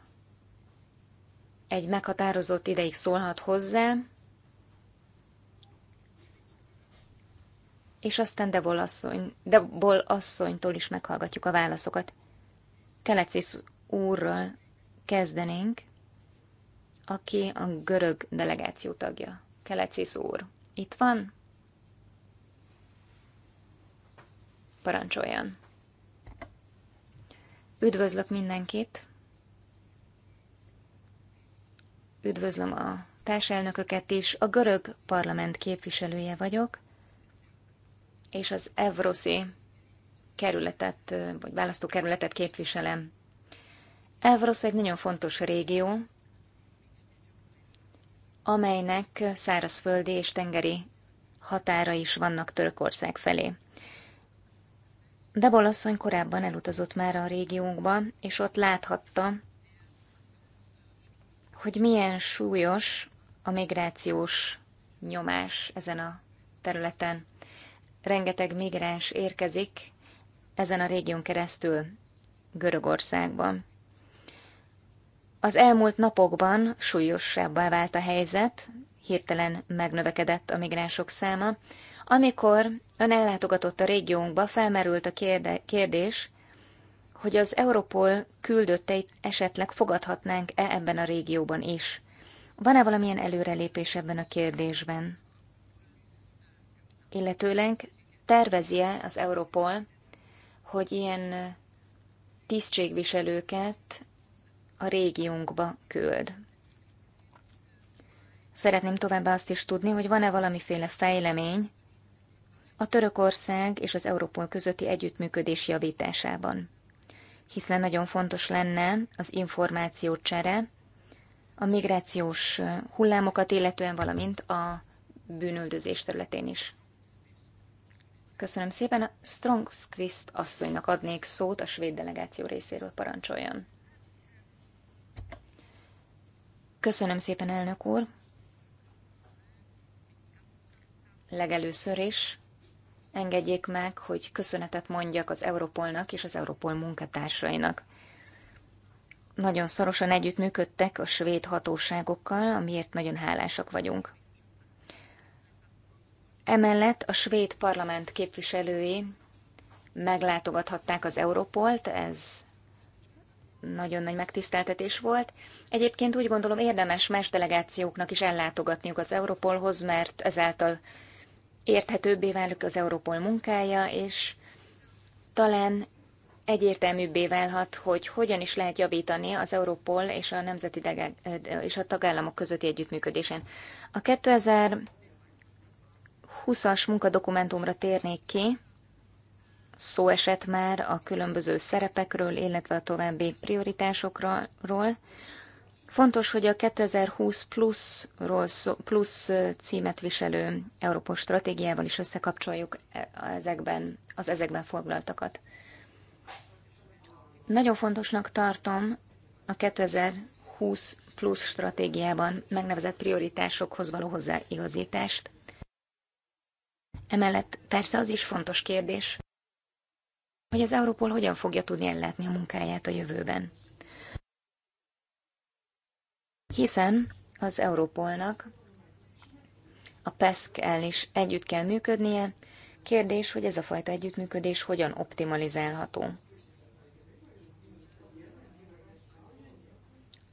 egy meghatározott ideig szólhat hozzá, és aztán Debol, asszony, Debol asszonytól is meghallgatjuk a válaszokat. Kelecisz úrral kezdenénk, aki a görög delegáció tagja. Kelecisz úr, itt van? Parancsoljon. Üdvözlök mindenkit. Üdvözlöm a társelnököket is. A görög parlament képviselője vagyok – és az Evroszi kerületet, vagy választókerületet képviselem. Evrosz egy nagyon fontos régió, amelynek szárazföldi és tengeri határa is vannak Törökország felé. Debol asszony korábban elutazott már a régiónkba, és ott láthatta, hogy milyen súlyos a migrációs nyomás ezen a területen rengeteg migráns érkezik ezen a régión keresztül Görögországban. Az elmúlt napokban súlyosabbá vált a helyzet, hirtelen megnövekedett a migránsok száma, amikor ön ellátogatott a régiónkba, felmerült a kérde- kérdés, hogy az Europol küldötteit esetleg fogadhatnánk-e ebben a régióban is. Van-e valamilyen előrelépés ebben a kérdésben? illetőleg tervezi-e az Europol, hogy ilyen tisztségviselőket a régiónkba küld. Szeretném továbbá azt is tudni, hogy van-e valamiféle fejlemény a Törökország és az Európol közötti együttműködés javításában. Hiszen nagyon fontos lenne az információ csere, a migrációs hullámokat illetően, valamint a bűnöldözés területén is. Köszönöm szépen. Strongsquist asszonynak adnék szót a svéd delegáció részéről parancsoljon. Köszönöm szépen, elnök úr. Legelőször is engedjék meg, hogy köszönetet mondjak az Europolnak és az Europol munkatársainak. Nagyon szorosan együttműködtek a svéd hatóságokkal, amiért nagyon hálásak vagyunk. Emellett a svéd parlament képviselői meglátogathatták az Europolt, ez nagyon nagy megtiszteltetés volt. Egyébként úgy gondolom érdemes más delegációknak is ellátogatniuk az Europolhoz, mert ezáltal érthetőbbé válik az Europol munkája, és talán egyértelműbbé válhat, hogy hogyan is lehet javítani az Europol és a nemzeti és a tagállamok közötti együttműködésen. A 2000 20-as munkadokumentumra térnék ki. Szó esett már a különböző szerepekről, illetve a további prioritásokról. Fontos, hogy a 2020 pluszról, plusz címet viselő Európos stratégiával is összekapcsoljuk ezekben, az ezekben foglaltakat. Nagyon fontosnak tartom a 2020 plusz stratégiában megnevezett prioritásokhoz való hozzáigazítást. Emellett persze az is fontos kérdés, hogy az Európol hogyan fogja tudni ellátni a munkáját a jövőben. Hiszen az Európolnak a PESC-el is együtt kell működnie, kérdés, hogy ez a fajta együttműködés hogyan optimalizálható.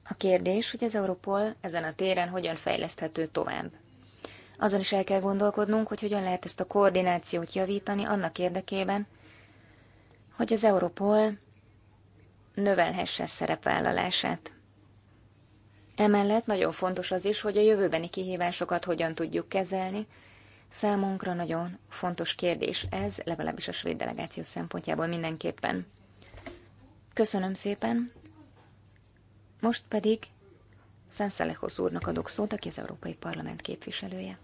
A kérdés, hogy az Európol ezen a téren hogyan fejleszthető tovább. Azon is el kell gondolkodnunk, hogy hogyan lehet ezt a koordinációt javítani annak érdekében, hogy az Europol növelhesse szerepvállalását. Emellett nagyon fontos az is, hogy a jövőbeni kihívásokat hogyan tudjuk kezelni. Számunkra nagyon fontos kérdés ez, legalábbis a svéd delegáció szempontjából mindenképpen. Köszönöm szépen. Most pedig Szenszelehosz úrnak adok szót, aki az Európai Parlament képviselője.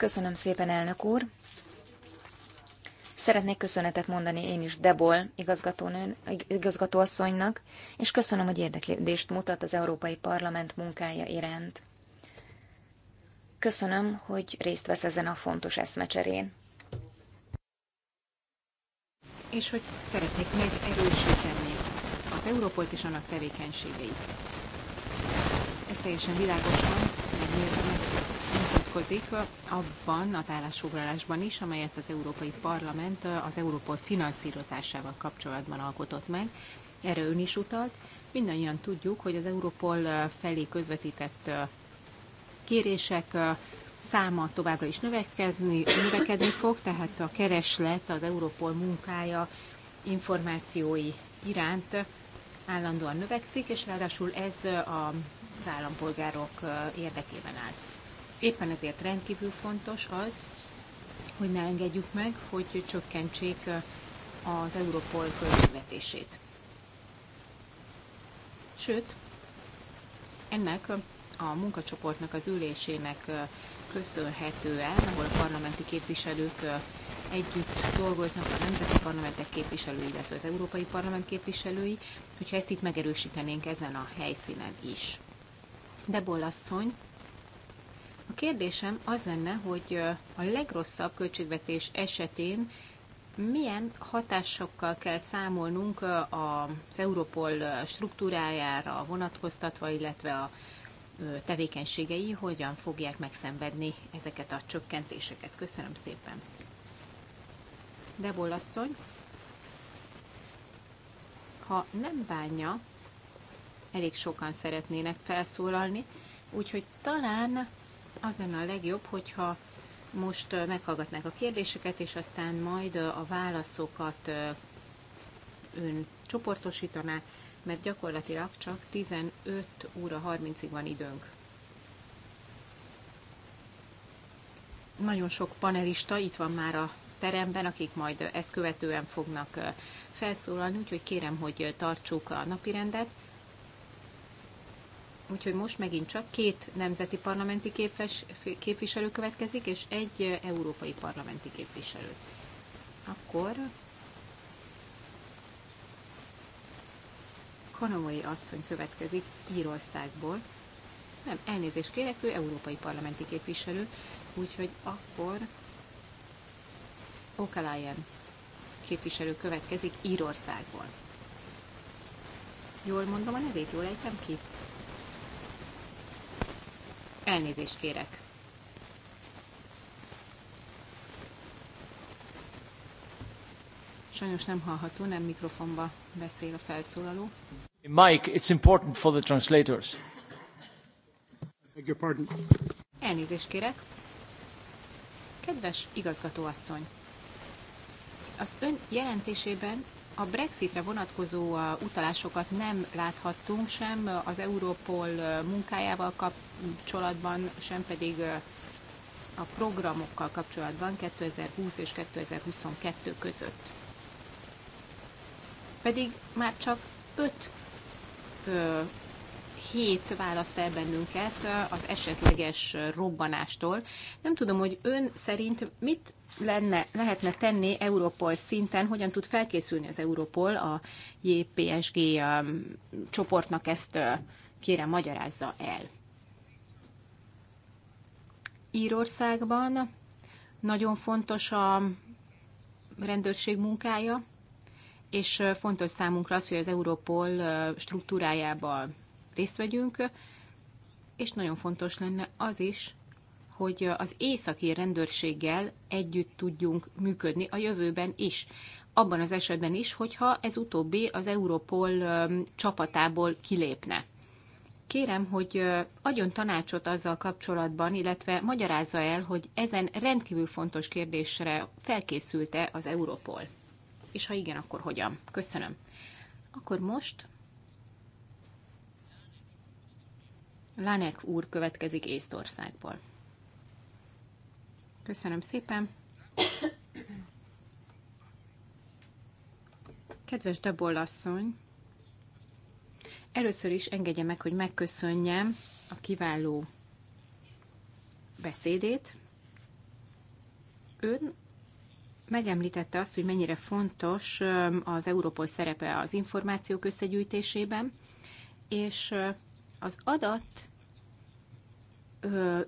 Köszönöm szépen, elnök úr! Szeretnék köszönetet mondani én is Debol igazgatónőn, igazgatóasszonynak, és köszönöm, hogy érdeklődést mutat az Európai Parlament munkája iránt. Köszönöm, hogy részt vesz ezen a fontos eszmecserén. És hogy szeretnék megerősíteni az Európolt és annak tevékenységeit. Ez teljesen világosan megnyilvánítottuk vonatkozik abban az állásfoglalásban is, amelyet az Európai Parlament az Európa finanszírozásával kapcsolatban alkotott meg. Erre ön is utalt. Mindannyian tudjuk, hogy az Európol felé közvetített kérések száma továbbra is növekedni, növekedni fog, tehát a kereslet, az Európol munkája, információi iránt állandóan növekszik, és ráadásul ez az állampolgárok érdekében áll. Éppen ezért rendkívül fontos az, hogy ne engedjük meg, hogy csökkentsék az Europol költségvetését. Sőt, ennek a munkacsoportnak az ülésének köszönhetően, ahol a parlamenti képviselők együtt dolgoznak a nemzeti parlamentek képviselői, illetve az Európai Parlament képviselői, hogyha ezt itt megerősítenénk ezen a helyszínen is. Debol asszony a kérdésem az lenne, hogy a legrosszabb költségvetés esetén milyen hatásokkal kell számolnunk az Europol struktúrájára vonatkoztatva, illetve a tevékenységei hogyan fogják megszenvedni ezeket a csökkentéseket. Köszönöm szépen. Debol asszony, ha nem bánja, elég sokan szeretnének felszólalni, úgyhogy talán az lenne a legjobb, hogyha most meghallgatnák a kérdéseket, és aztán majd a válaszokat ön csoportosítaná, mert gyakorlatilag csak 15 óra 30-ig van időnk. Nagyon sok panelista itt van már a teremben, akik majd ezt követően fognak felszólalni, úgyhogy kérem, hogy tartsuk a napirendet. Úgyhogy most megint csak két nemzeti parlamenti képes, képviselő következik, és egy európai parlamenti képviselő. Akkor Kanawai asszony következik Írországból. Nem, elnézést kérek, ő európai parlamenti képviselő, úgyhogy akkor Okalájen képviselő következik Írországból. Jól mondom a nevét, jól ejtem ki? Elnézést kérek. Sajnos nem hallható, nem mikrofonba beszél a felszólaló. Mike, it's important for the translators. Elnézést kérek. Kedves igazgatóasszony, az ön jelentésében a Brexitre vonatkozó utalásokat nem láthattunk sem az Europol munkájával kapcsolatban, sem pedig a programokkal kapcsolatban 2020 és 2022 között. Pedig már csak öt hét választ el bennünket az esetleges robbanástól. Nem tudom, hogy ön szerint mit lenne, lehetne tenni Európol szinten, hogyan tud felkészülni az Európol, a JPSG csoportnak ezt kérem magyarázza el. Írországban nagyon fontos a rendőrség munkája, és fontos számunkra az, hogy az Európol struktúrájába részt vegyünk, és nagyon fontos lenne az is, hogy az északi rendőrséggel együtt tudjunk működni a jövőben is. Abban az esetben is, hogyha ez utóbbi az Europol csapatából kilépne. Kérem, hogy adjon tanácsot azzal kapcsolatban, illetve magyarázza el, hogy ezen rendkívül fontos kérdésre felkészült-e az Europol. És ha igen, akkor hogyan? Köszönöm. Akkor most Lanek úr következik Észtországból. Köszönöm szépen. Kedves Dabol asszony, először is engedje meg, hogy megköszönjem a kiváló beszédét. Ön megemlítette azt, hogy mennyire fontos az Európol szerepe az információk összegyűjtésében, és az adat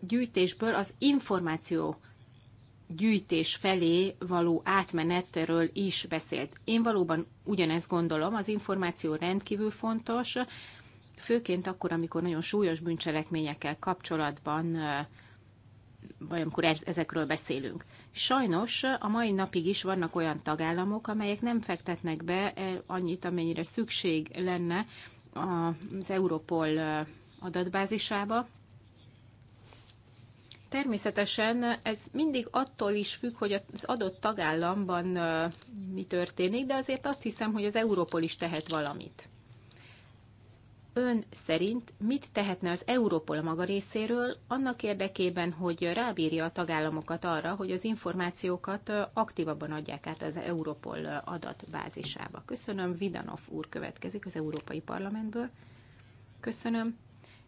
gyűjtésből az információ gyűjtés felé való átmenetről is beszélt. Én valóban ugyanezt gondolom, az információ rendkívül fontos, főként akkor, amikor nagyon súlyos bűncselekményekkel kapcsolatban, vagy amikor ez, ezekről beszélünk. Sajnos a mai napig is vannak olyan tagállamok, amelyek nem fektetnek be e, annyit, amennyire szükség lenne az Europol adatbázisába, Természetesen ez mindig attól is függ, hogy az adott tagállamban mi történik, de azért azt hiszem, hogy az Európol is tehet valamit. Ön szerint mit tehetne az Európol maga részéről annak érdekében, hogy rábírja a tagállamokat arra, hogy az információkat aktívabban adják át az Európol adatbázisába? Köszönöm, Vidanov úr következik az Európai Parlamentből. Köszönöm,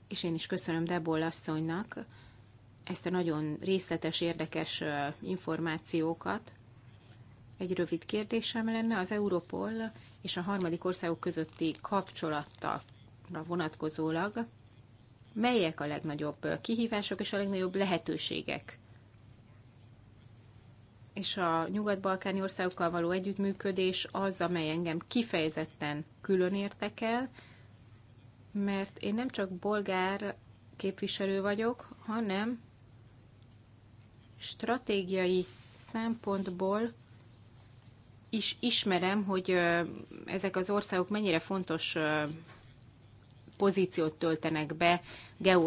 és én is köszönöm Debol asszonynak, ezt a nagyon részletes, érdekes információkat. Egy rövid kérdésem lenne az Europol és a harmadik országok közötti kapcsolattal vonatkozólag. Melyek a legnagyobb kihívások és a legnagyobb lehetőségek? És a nyugat-balkáni országokkal való együttműködés az, amely engem kifejezetten külön értekel, mert én nem csak bolgár képviselő vagyok, hanem stratégiai szempontból is ismerem, hogy ezek az országok mennyire fontos pozíciót töltenek be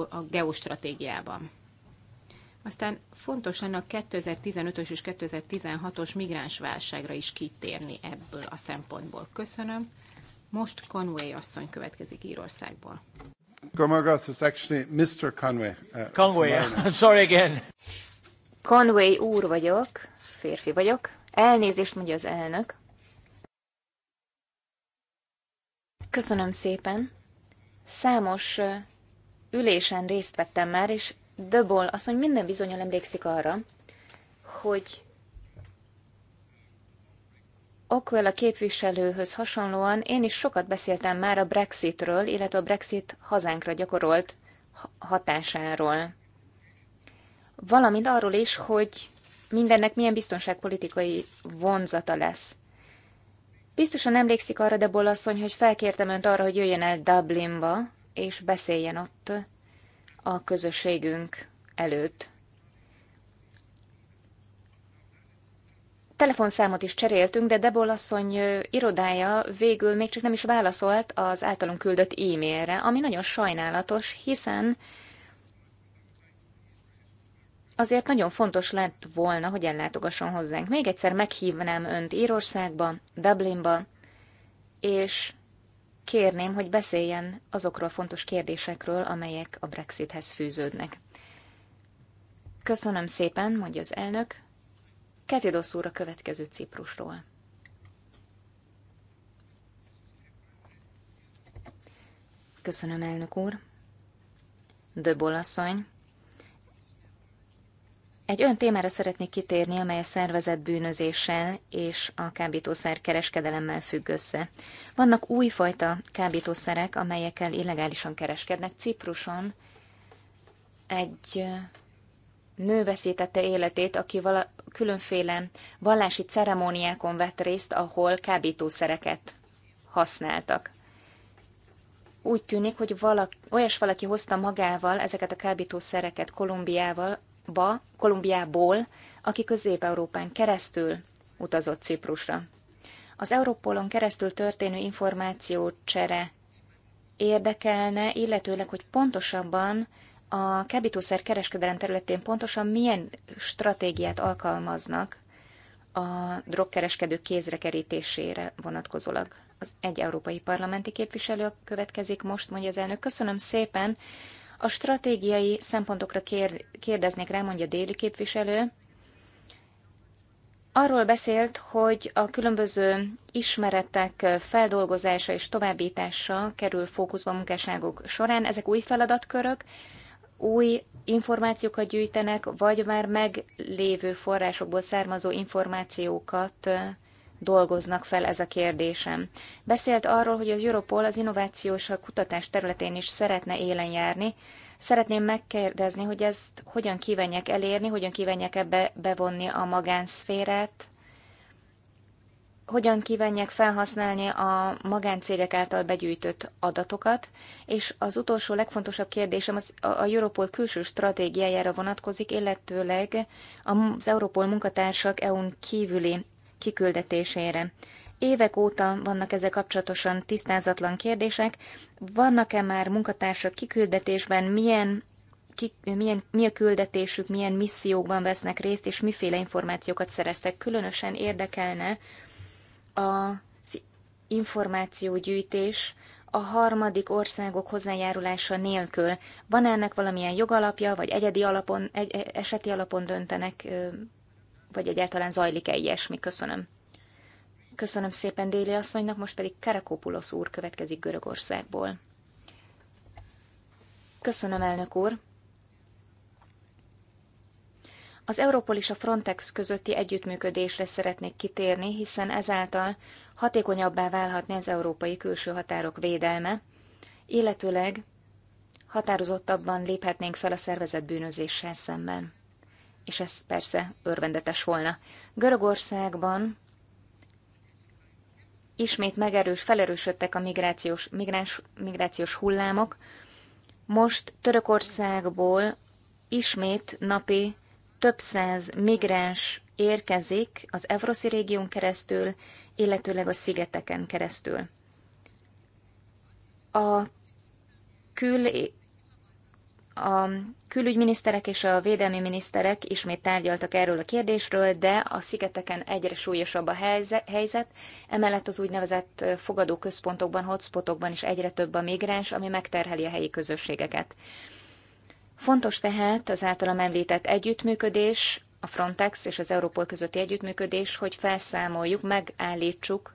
a geostratégiában. Aztán fontos lenne a 2015-ös és 2016-os migránsválságra is kitérni ebből a szempontból. Köszönöm. Most Conway asszony következik Írországból. actually Mr. Conway. Uh, Conway, I'm sorry again. Conway úr vagyok, férfi vagyok. Elnézést mondja az elnök. Köszönöm szépen. Számos ülésen részt vettem már, és Döbol azt, mondja, minden bizonyal emlékszik arra, hogy Okwell a képviselőhöz hasonlóan én is sokat beszéltem már a Brexitről, illetve a Brexit hazánkra gyakorolt hatásáról valamint arról is, hogy mindennek milyen biztonságpolitikai vonzata lesz. Biztosan emlékszik arra de asszony, hogy felkértem önt arra, hogy jöjjön el Dublinba, és beszéljen ott a közösségünk előtt. Telefonszámot is cseréltünk, de Debol asszony irodája végül még csak nem is válaszolt az általunk küldött e-mailre, ami nagyon sajnálatos, hiszen azért nagyon fontos lett volna, hogy ellátogasson hozzánk. Még egyszer meghívnám önt Írországba, Dublinba, és kérném, hogy beszéljen azokról fontos kérdésekről, amelyek a Brexithez fűződnek. Köszönöm szépen, mondja az elnök. Ketidosz úr a következő Ciprusról. Köszönöm, elnök úr. Döbol asszony. Egy olyan témára szeretnék kitérni, amely a szervezett bűnözéssel és a kábítószer kereskedelemmel függ össze. Vannak újfajta kábítószerek, amelyekkel illegálisan kereskednek. Cipruson egy nő veszítette életét, aki vala, különféle vallási ceremóniákon vett részt, ahol kábítószereket használtak. Úgy tűnik, hogy valaki, olyas valaki hozta magával ezeket a kábítószereket Kolumbiával, Kolumbiába, Kolumbiából, aki Közép-Európán keresztül utazott Ciprusra. Az Európolon keresztül történő csere érdekelne, illetőleg, hogy pontosabban a kábítószer kereskedelem területén pontosan milyen stratégiát alkalmaznak a drogkereskedők kézre kerítésére vonatkozólag. Az egy európai parlamenti képviselő következik most, mondja az elnök. Köszönöm szépen, a stratégiai szempontokra kér, kérdeznék rá, mondja déli képviselő. Arról beszélt, hogy a különböző ismeretek feldolgozása és továbbítása kerül fókuszba a munkásságok során. Ezek új feladatkörök, új információkat gyűjtenek, vagy már meglévő forrásokból származó információkat dolgoznak fel ez a kérdésem. Beszélt arról, hogy az Europol az innovációs kutatás területén is szeretne élen járni. Szeretném megkérdezni, hogy ezt hogyan kívánják elérni, hogyan kívánják ebbe bevonni a magánszférát, hogyan kívánják felhasználni a magáncégek által begyűjtött adatokat, és az utolsó legfontosabb kérdésem az a Europol külső stratégiájára vonatkozik, illetőleg az Europol munkatársak EU-n kívüli kiküldetésére. Évek óta vannak ezek kapcsolatosan tisztázatlan kérdések. Vannak-e már munkatársak kiküldetésben, milyen, ki, milyen, mi a küldetésük, milyen missziókban vesznek részt, és miféle információkat szereztek. Különösen érdekelne az információgyűjtés, a harmadik országok hozzájárulása nélkül. Van -e ennek valamilyen jogalapja, vagy egyedi alapon, egy, e, eseti alapon döntenek vagy egyáltalán zajlik-e ilyesmi. Köszönöm. Köszönöm szépen Déli asszonynak, most pedig Karakopulosz úr következik Görögországból. Köszönöm, elnök úr. Az Európol és a Frontex közötti együttműködésre szeretnék kitérni, hiszen ezáltal hatékonyabbá válhatni az európai külső határok védelme, illetőleg határozottabban léphetnénk fel a szervezet bűnözéssel szemben és ez persze örvendetes volna. Görögországban ismét megerős, felerősödtek a migrációs, migráns, migrációs hullámok. Most Törökországból ismét napi több száz migráns érkezik az Evroszi régión keresztül, illetőleg a szigeteken keresztül. A kül a külügyminiszterek és a védelmi miniszterek ismét tárgyaltak erről a kérdésről, de a szigeteken egyre súlyosabb a helyzet, emellett az úgynevezett fogadóközpontokban, hotspotokban is egyre több a migráns, ami megterheli a helyi közösségeket. Fontos tehát az általam említett együttműködés, a Frontex és az Európol közötti együttműködés, hogy felszámoljuk, megállítsuk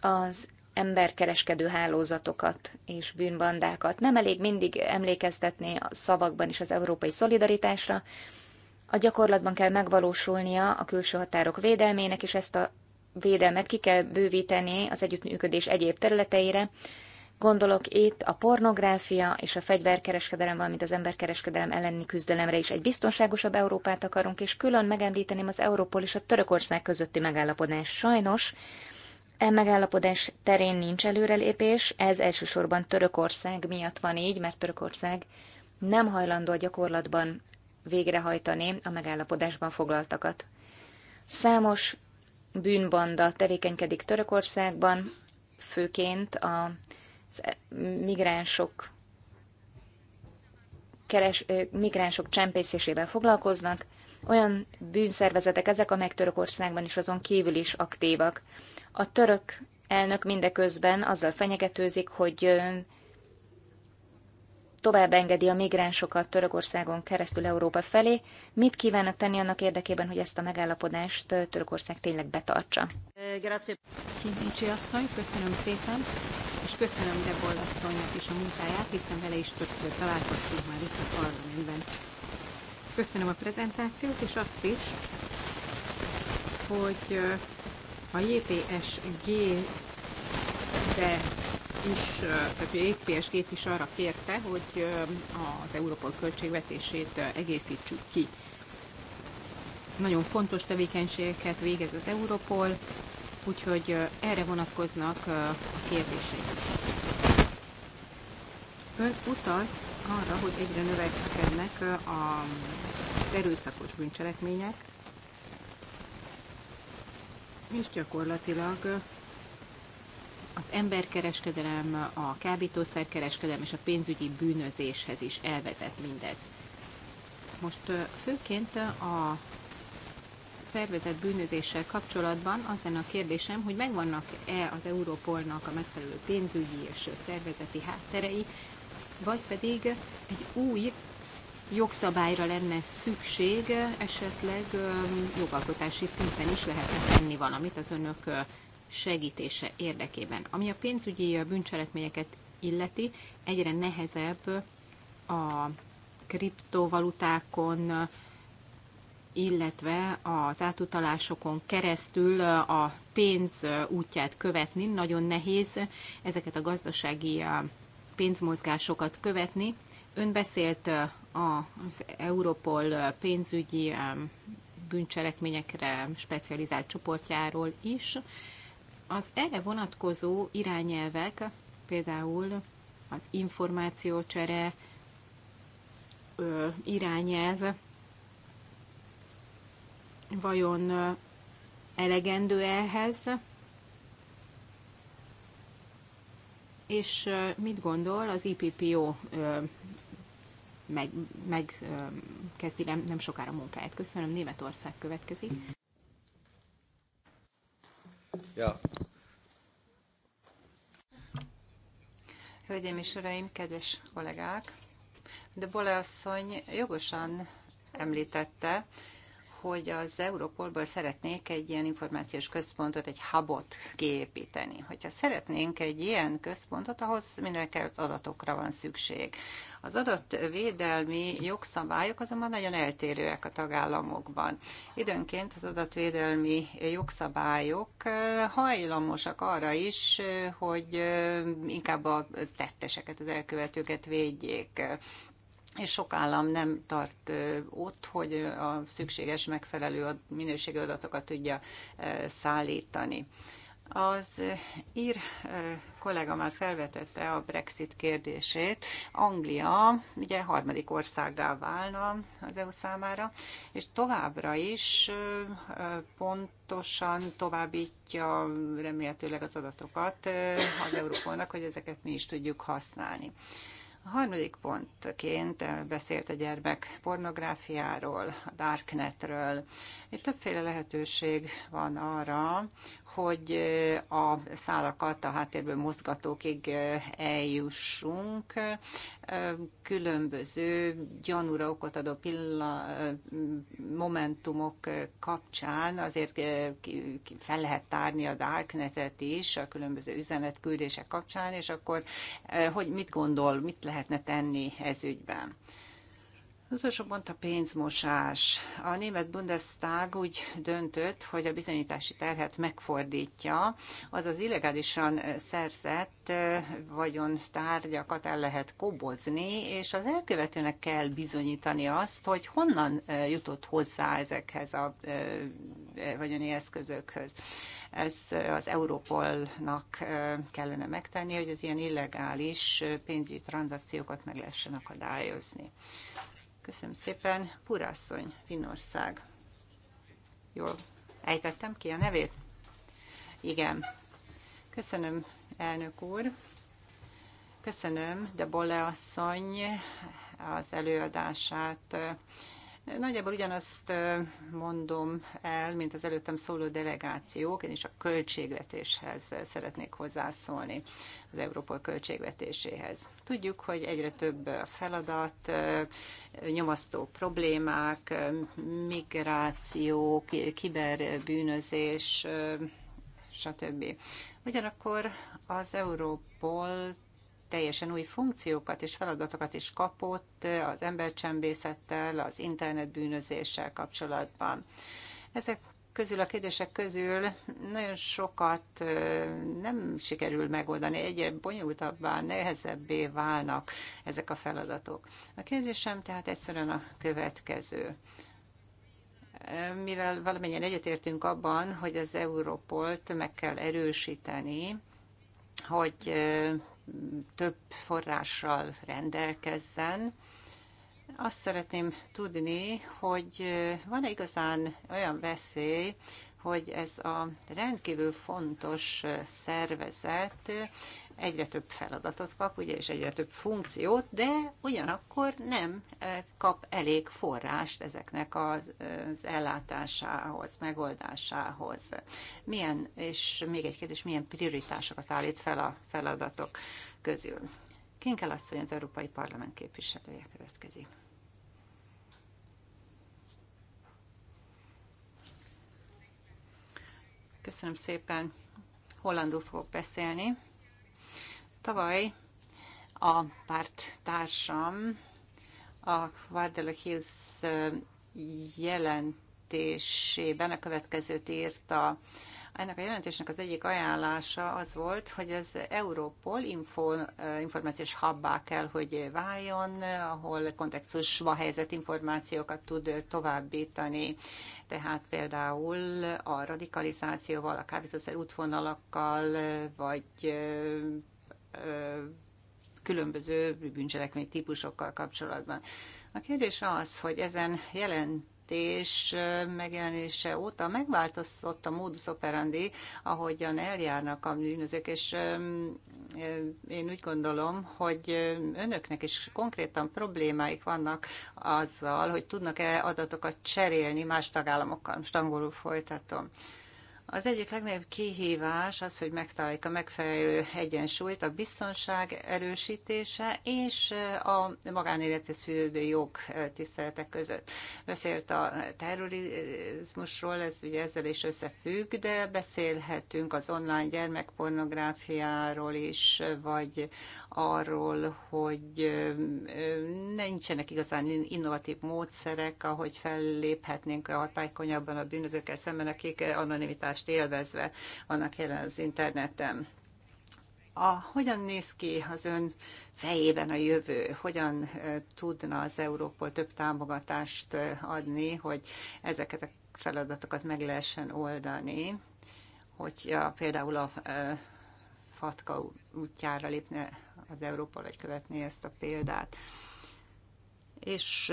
az emberkereskedő hálózatokat és bűnbandákat. Nem elég mindig emlékeztetni a szavakban is az európai szolidaritásra, a gyakorlatban kell megvalósulnia a külső határok védelmének, és ezt a védelmet ki kell bővíteni az együttműködés egyéb területeire. Gondolok itt a pornográfia és a fegyverkereskedelem, valamint az emberkereskedelem elleni küzdelemre is. Egy biztonságosabb Európát akarunk, és külön megemlíteném az Európol és a Törökország közötti megállapodás. Sajnos E megállapodás terén nincs előrelépés, ez elsősorban Törökország miatt van így, mert Törökország nem hajlandó a gyakorlatban végrehajtani a megállapodásban foglaltakat. Számos bűnbanda tevékenykedik Törökországban, főként a migránsok, keres, migránsok csempészésével foglalkoznak. Olyan bűnszervezetek ezek, amelyek Törökországban is azon kívül is aktívak. A török elnök mindeközben azzal fenyegetőzik, hogy tovább engedi a migránsokat Törökországon keresztül Európa felé. Mit kívánnak tenni annak érdekében, hogy ezt a megállapodást Törökország tényleg betartsa? asszony, köszönöm szépen, és köszönöm Debol asszonynak is a munkáját, hiszen vele is többször találkoztunk már itt a parlamentben. Köszönöm a prezentációt, és azt is, hogy a JPSG-be is, tehát a JPSG-t is arra kérte, hogy az Európol költségvetését egészítsük ki. Nagyon fontos tevékenységeket végez az Európol, úgyhogy erre vonatkoznak a kérdéseink. Ön utalt arra, hogy egyre növekednek az erőszakos bűncselekmények, és gyakorlatilag az emberkereskedelem, a kábítószerkereskedelem és a pénzügyi bűnözéshez is elvezet mindez. Most főként a szervezett bűnözéssel kapcsolatban az lenne a kérdésem, hogy megvannak-e az Európolnak a megfelelő pénzügyi és szervezeti hátterei, vagy pedig egy új jogszabályra lenne szükség, esetleg jogalkotási szinten is lehetne tenni valamit az önök segítése érdekében. Ami a pénzügyi bűncselekményeket illeti, egyre nehezebb a kriptovalutákon, illetve az átutalásokon keresztül a pénz útját követni. Nagyon nehéz ezeket a gazdasági pénzmozgásokat követni. Ön beszélt az Europol pénzügyi bűncselekményekre specializált csoportjáról is. Az erre vonatkozó irányelvek, például az információcsere irányelv, vajon elegendő ehhez, és mit gondol az IPPO meg, meg kezdi nem, nem sokára munkáját. Köszönöm, Németország következik. Ja. Hölgyeim és Uraim, kedves kollégák! De Bole asszony jogosan említette, hogy az Európolból szeretnék egy ilyen információs központot, egy habot kiépíteni. Hogyha szeretnénk egy ilyen központot, ahhoz mindenkel adatokra van szükség. Az adatvédelmi jogszabályok azonban nagyon eltérőek a tagállamokban. Időnként az adatvédelmi jogszabályok hajlamosak arra is, hogy inkább a tetteseket, az elkövetőket védjék és sok állam nem tart ott, hogy a szükséges megfelelő minőségi adatokat tudja szállítani. Az ír kollega már felvetette a Brexit kérdését. Anglia ugye harmadik országgá válna az EU számára, és továbbra is pontosan továbbítja remélhetőleg az adatokat az európának, hogy ezeket mi is tudjuk használni. A harmadik pontként beszélt a gyermek pornográfiáról, a darknetről. Itt többféle lehetőség van arra, hogy a szálakat a háttérből mozgatókig eljussunk. Különböző gyanúra okot adó pilla, momentumok kapcsán azért fel lehet tárni a darknetet is a különböző üzenetküldések kapcsán, és akkor hogy mit gondol, mit lehetne tenni ez ügyben. Az utolsó pont a pénzmosás. A német Bundestag úgy döntött, hogy a bizonyítási terhet megfordítja, azaz illegálisan szerzett vagyontárgyakat el lehet kobozni, és az elkövetőnek kell bizonyítani azt, hogy honnan jutott hozzá ezekhez a vagyoni eszközökhöz. Ez az Európolnak kellene megtenni, hogy az ilyen illegális pénzügyi tranzakciókat meg lehessen akadályozni. Köszönöm szépen. Purászony, Finország. Jól ejtettem ki a nevét? Igen. Köszönöm, elnök úr. Köszönöm de Bole asszony az előadását Nagyjából ugyanazt mondom el, mint az előttem szóló delegációk, én is a költségvetéshez szeretnék hozzászólni, az Európol költségvetéséhez. Tudjuk, hogy egyre több feladat, nyomasztó problémák, migráció, kiberbűnözés, stb. Ugyanakkor az Európolt teljesen új funkciókat és feladatokat is kapott az embercsembészettel, az internetbűnözéssel kapcsolatban. Ezek közül, a kérdések közül nagyon sokat nem sikerül megoldani, egyre bonyolultabbá, nehezebbé válnak ezek a feladatok. A kérdésem tehát egyszerűen a következő. Mivel valamennyien egyetértünk abban, hogy az Európolt meg kell erősíteni, hogy több forrással rendelkezzen. Azt szeretném tudni, hogy van-e igazán olyan veszély, hogy ez a rendkívül fontos szervezet egyre több feladatot kap, ugye, és egyre több funkciót, de ugyanakkor nem eh, kap elég forrást ezeknek az, az ellátásához, megoldásához. Milyen, és még egy kérdés, milyen prioritásokat állít fel a feladatok közül? Kinkel asszony az Európai Parlament képviselője következik. Köszönöm szépen. Hollandul fogok beszélni. Tavaly a párttársam a Wardell Hughes jelentésében a következőt írta. Ennek a jelentésnek az egyik ajánlása az volt, hogy az Európol info, információs habbá kell, hogy váljon, ahol kontextusba helyzett információkat tud továbbítani. Tehát például a radikalizációval, a kábítószer útvonalakkal, vagy különböző bűncselekmény típusokkal kapcsolatban. A kérdés az, hogy ezen jelentés megjelenése óta megváltozott a módus operandi, ahogyan eljárnak a bűnözők, és én úgy gondolom, hogy önöknek is konkrétan problémáik vannak azzal, hogy tudnak-e adatokat cserélni más tagállamokkal. Most angolul folytatom. Az egyik legnagyobb kihívás az, hogy megtaláljuk a megfelelő egyensúlyt a biztonság erősítése és a magánélethez fűződő jog tiszteletek között. Beszélt a terrorizmusról, ez ugye ezzel is összefügg, de beszélhetünk az online gyermekpornográfiáról is, vagy arról, hogy nincsenek igazán innovatív módszerek, ahogy felléphetnénk a hatálykonyabban a bűnözőkkel szemben, akik anonimitás hozzáférhetőségtámogatást élvezve vannak jelen az interneten. A, hogyan néz ki az ön fejében a jövő? Hogyan tudna az Európol több támogatást adni, hogy ezeket a feladatokat meg lehessen oldani? Hogyha például a fatka útjára lépne az Európa, vagy követné ezt a példát és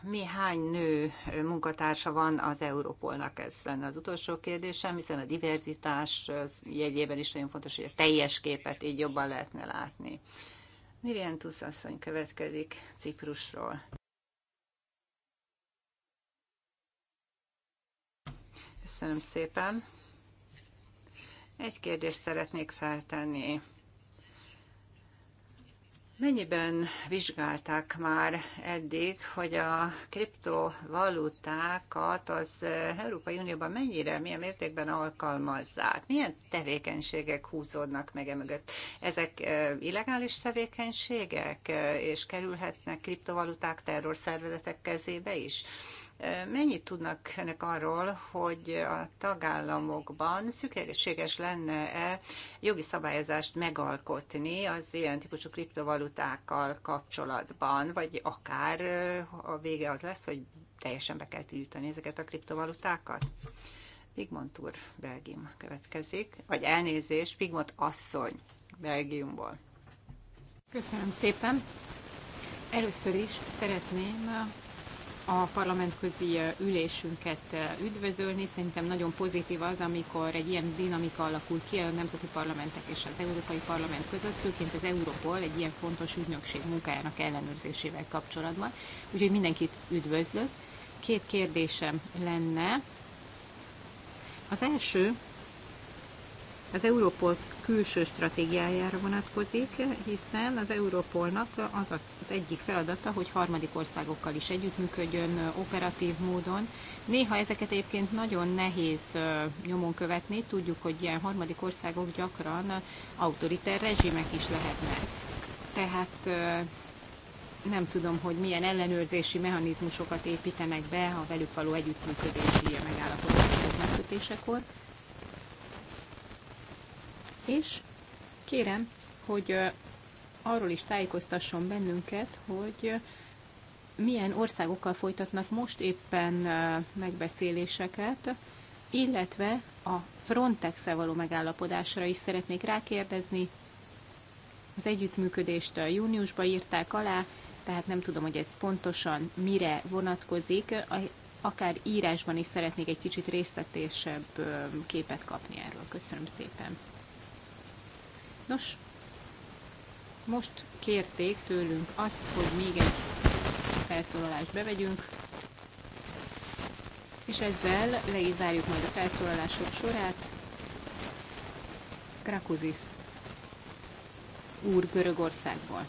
mi hány nő munkatársa van az Európolnak? Ez lenne az utolsó kérdésem, hiszen a diverzitás jegyében is nagyon fontos, hogy a teljes képet így jobban lehetne látni. Mirientus asszony következik Ciprusról. Köszönöm szépen. Egy kérdést szeretnék feltenni. Mennyiben vizsgálták már eddig, hogy a kriptovalutákat az Európai Unióban mennyire, milyen mértékben alkalmazzák? Milyen tevékenységek húzódnak meg emögött? Ezek illegális tevékenységek, és kerülhetnek kriptovaluták terrorszervezetek kezébe is? Mennyit tudnak ennek arról, hogy a tagállamokban szükséges lenne-e jogi szabályozást megalkotni az ilyen típusú kriptovalutákkal kapcsolatban, vagy akár a vége az lesz, hogy teljesen be kell tiltani ezeket a kriptovalutákat? Pigmont úr, Belgium következik, vagy elnézés, Pigmont asszony, Belgiumból. Köszönöm szépen. Először is szeretném a parlamentközi ülésünket üdvözölni. Szerintem nagyon pozitív az, amikor egy ilyen dinamika alakul ki a nemzeti parlamentek és az Európai Parlament között, főként az Európol egy ilyen fontos ügynökség munkájának ellenőrzésével kapcsolatban. Úgyhogy mindenkit üdvözlök. Két kérdésem lenne. Az első az Európol külső stratégiájára vonatkozik, hiszen az Európolnak az, a, az egyik feladata, hogy harmadik országokkal is együttműködjön operatív módon. Néha ezeket egyébként nagyon nehéz nyomon követni, tudjuk, hogy ilyen harmadik országok gyakran autoriter rezsimek is lehetnek. Tehát nem tudom, hogy milyen ellenőrzési mechanizmusokat építenek be a velük való együttműködési megállapodások megkötésekor és kérem, hogy arról is tájékoztasson bennünket, hogy milyen országokkal folytatnak most éppen megbeszéléseket, illetve a Frontex-e való megállapodásra is szeretnék rákérdezni. Az együttműködést júniusba írták alá, tehát nem tudom, hogy ez pontosan mire vonatkozik, akár írásban is szeretnék egy kicsit részletesebb képet kapni erről. Köszönöm szépen. Nos, most kérték tőlünk azt, hogy még egy felszólalást bevegyünk, és ezzel le is zárjuk majd a felszólalások sorát. Krakuzis úr Görögországból.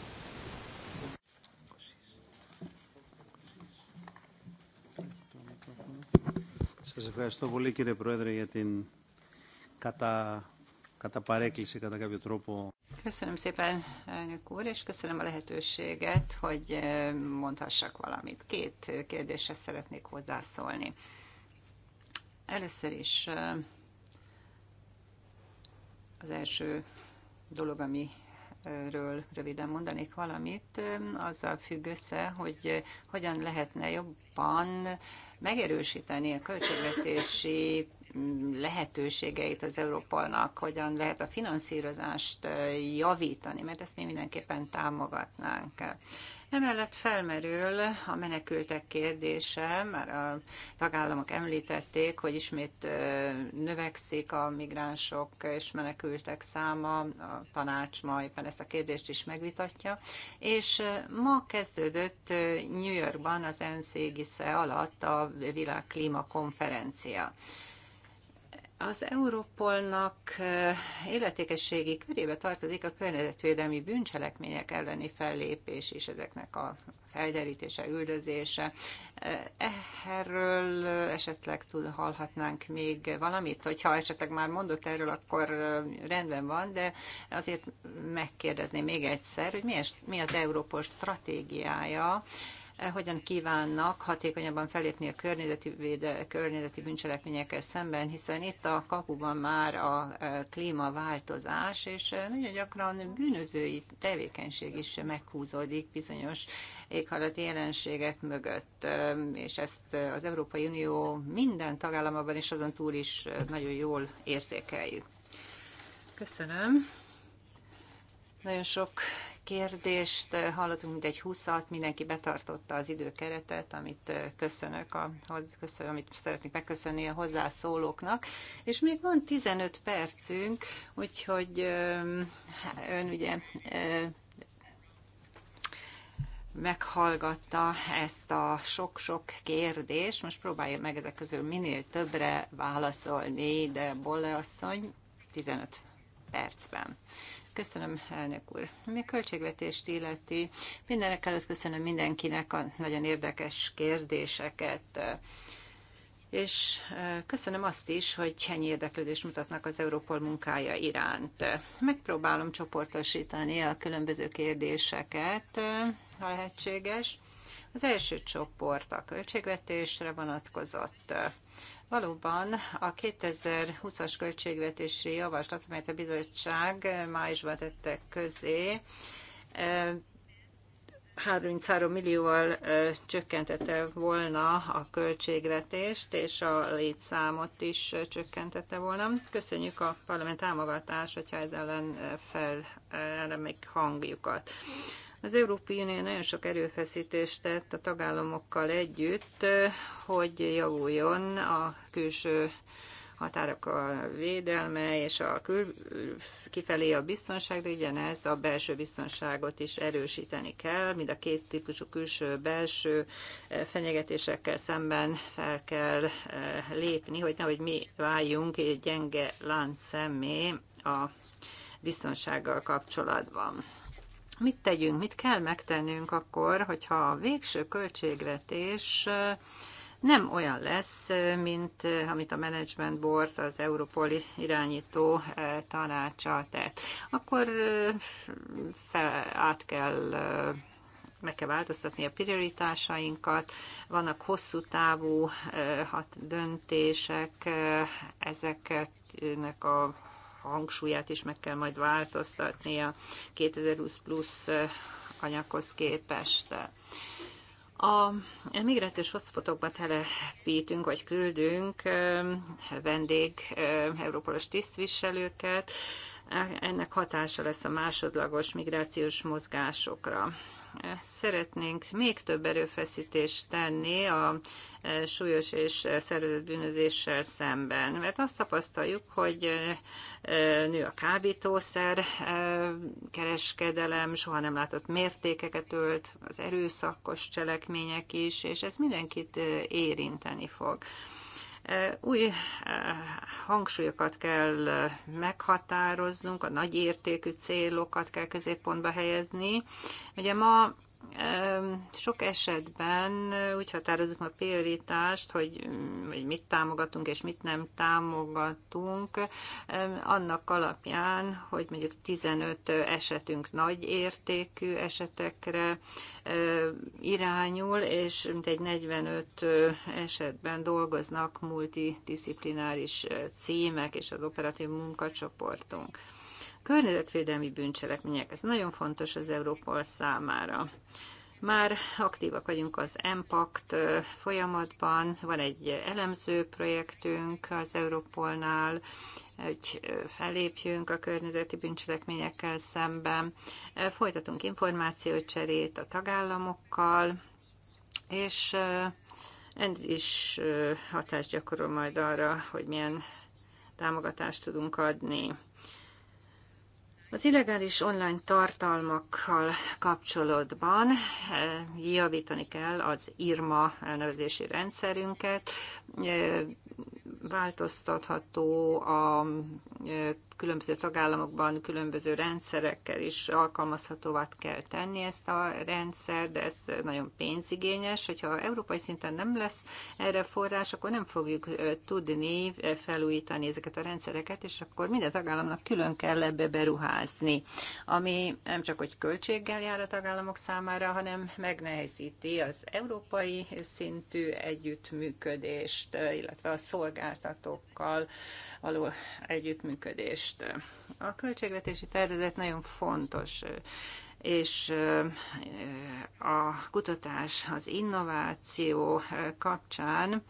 Σας ευχαριστώ πολύ κύριε Πρόεδρε για την κατά κατά παρέκκληση, κατά κάποιο τρόπο. Köszönöm szépen, elnök úr, és köszönöm a lehetőséget, hogy eh, mondhassak valamit. Két kérdésre szeretnék hozzászólni. Először is eh, az első dolog, ami ről röviden mondanék valamit, eh, azzal függ össze, hogy hogyan lehetne jobban megerősíteni a költségvetési lehetőségeit az Európának, hogyan lehet a finanszírozást javítani, mert ezt mi mindenképpen támogatnánk. Emellett felmerül a menekültek kérdése, már a tagállamok említették, hogy ismét növekszik a migránsok és menekültek száma, a tanács ma éppen ezt a kérdést is megvitatja, és ma kezdődött New Yorkban az ENSZ alatt a világ klímakonferencia. konferencia. Az Európolnak életékességi eh, körébe tartozik a környezetvédelmi bűncselekmények elleni fellépés és ezeknek a felderítése, üldözése. Eh, erről eh, esetleg tud, hallhatnánk még valamit, hogyha esetleg már mondott erről, akkor rendben van, de azért megkérdezném még egyszer, hogy mi, mi az Európol stratégiája Eh, hogyan kívánnak hatékonyabban felépni a környezeti, véde, környezeti bűncselekményekkel szemben, hiszen itt a kapuban már a eh, klímaváltozás, és eh, nagyon gyakran bűnözői tevékenység is meghúzódik bizonyos éghajlati jelenségek mögött, és ezt az Európai Unió minden tagállamában és azon túl is nagyon jól érzékeljük. Köszönöm. Nagyon sok kérdést eh, hallottunk, mint egy 20 mindenki betartotta az időkeretet, amit eh, köszönök, a, köszönöm, amit szeretnék megköszönni a hozzászólóknak, és még van 15 percünk, úgyhogy ön ugye eh, meghallgatta ezt a sok-sok kérdést. Most próbálja meg ezek közül minél többre válaszolni, de Bolle asszony 15 percben. Köszönöm, elnök úr. Ami a költségvetést illeti, mindenek előtt köszönöm mindenkinek a nagyon érdekes kérdéseket. És e, köszönöm azt is, hogy ennyi érdeklődést mutatnak az Európol munkája iránt. Megpróbálom csoportosítani a különböző kérdéseket, e, ha lehetséges. Az első csoport a költségvetésre vonatkozott. Valóban a 2020-as költségvetési javaslat, amelyet a bizottság májusban tette közé, 33 millióval csökkentette volna a költségvetést, és a létszámot is csökkentette volna. Köszönjük a parlament támogatást, hogyha ezzel ellen fel erre még hangjukat. Az Európai Unió nagyon sok erőfeszítést tett a tagállamokkal együtt, hogy javuljon a külső határok a védelme és a kül, kifelé a biztonság, de ugyanez a belső biztonságot is erősíteni kell. Mind a két típusú külső-belső fenyegetésekkel szemben fel kell lépni, hogy nehogy mi váljunk egy gyenge láncszemmé a biztonsággal kapcsolatban mit tegyünk, mit kell megtennünk akkor, hogyha a végső költségvetés nem olyan lesz, mint amit a Management Board, az Európoli irányító tanácsa tett. Akkor fel, át kell meg kell változtatni a prioritásainkat, vannak hosszú távú döntések, ezeknek a hangsúlyát is meg kell majd változtatni a 2020 plusz eh, anyaghoz képest. A migrációs hotspotokba telepítünk, vagy küldünk eh, vendég eh, európolos tisztviselőket, ennek hatása lesz a másodlagos migrációs mozgásokra szeretnénk még több erőfeszítést tenni a e, súlyos és szervezett bűnözéssel szemben, mert azt tapasztaljuk, hogy e, e, nő a kábítószer, kereskedelem, soha nem látott mértékeket ölt, az erőszakos cselekmények is, és ez mindenkit érinteni fog. Új hangsúlyokat kell meghatároznunk, a nagy értékű célokat kell középpontba helyezni. Ugye ma sok esetben úgy határozunk a prioritást, hogy, hogy mit támogatunk és mit nem támogatunk, annak alapján, hogy mondjuk 15 esetünk nagy értékű esetekre irányul, és mintegy 45 esetben dolgoznak multidisziplináris címek és az operatív munkacsoportunk környezetvédelmi bűncselekmények. Ez nagyon fontos az Európa számára. Már aktívak vagyunk az Empact folyamatban, van egy elemző projektünk az Európolnál, hogy fellépjünk a környezeti bűncselekményekkel szemben. Folytatunk információcserét a tagállamokkal, és ez is hatást gyakorol majd arra, hogy milyen támogatást tudunk adni. Az illegális online tartalmakkal kapcsolatban eh, javítani kell az IRMA elnevezési rendszerünket, eh, változtatható a eh, különböző tagállamokban különböző rendszerekkel is alkalmazhatóvá kell tenni ezt a rendszer, de ez nagyon pénzigényes. Hogyha európai szinten nem lesz erre forrás, akkor nem fogjuk tudni felújítani ezeket a rendszereket, és akkor minden tagállamnak külön kell ebbe beruházni, ami nem csak hogy költséggel jár a tagállamok számára, hanem megnehezíti az európai szintű együttműködést, illetve a szolgáltatókkal való együttműködést. A költségvetési tervezet nagyon fontos és a kutatás, az innováció kapcsán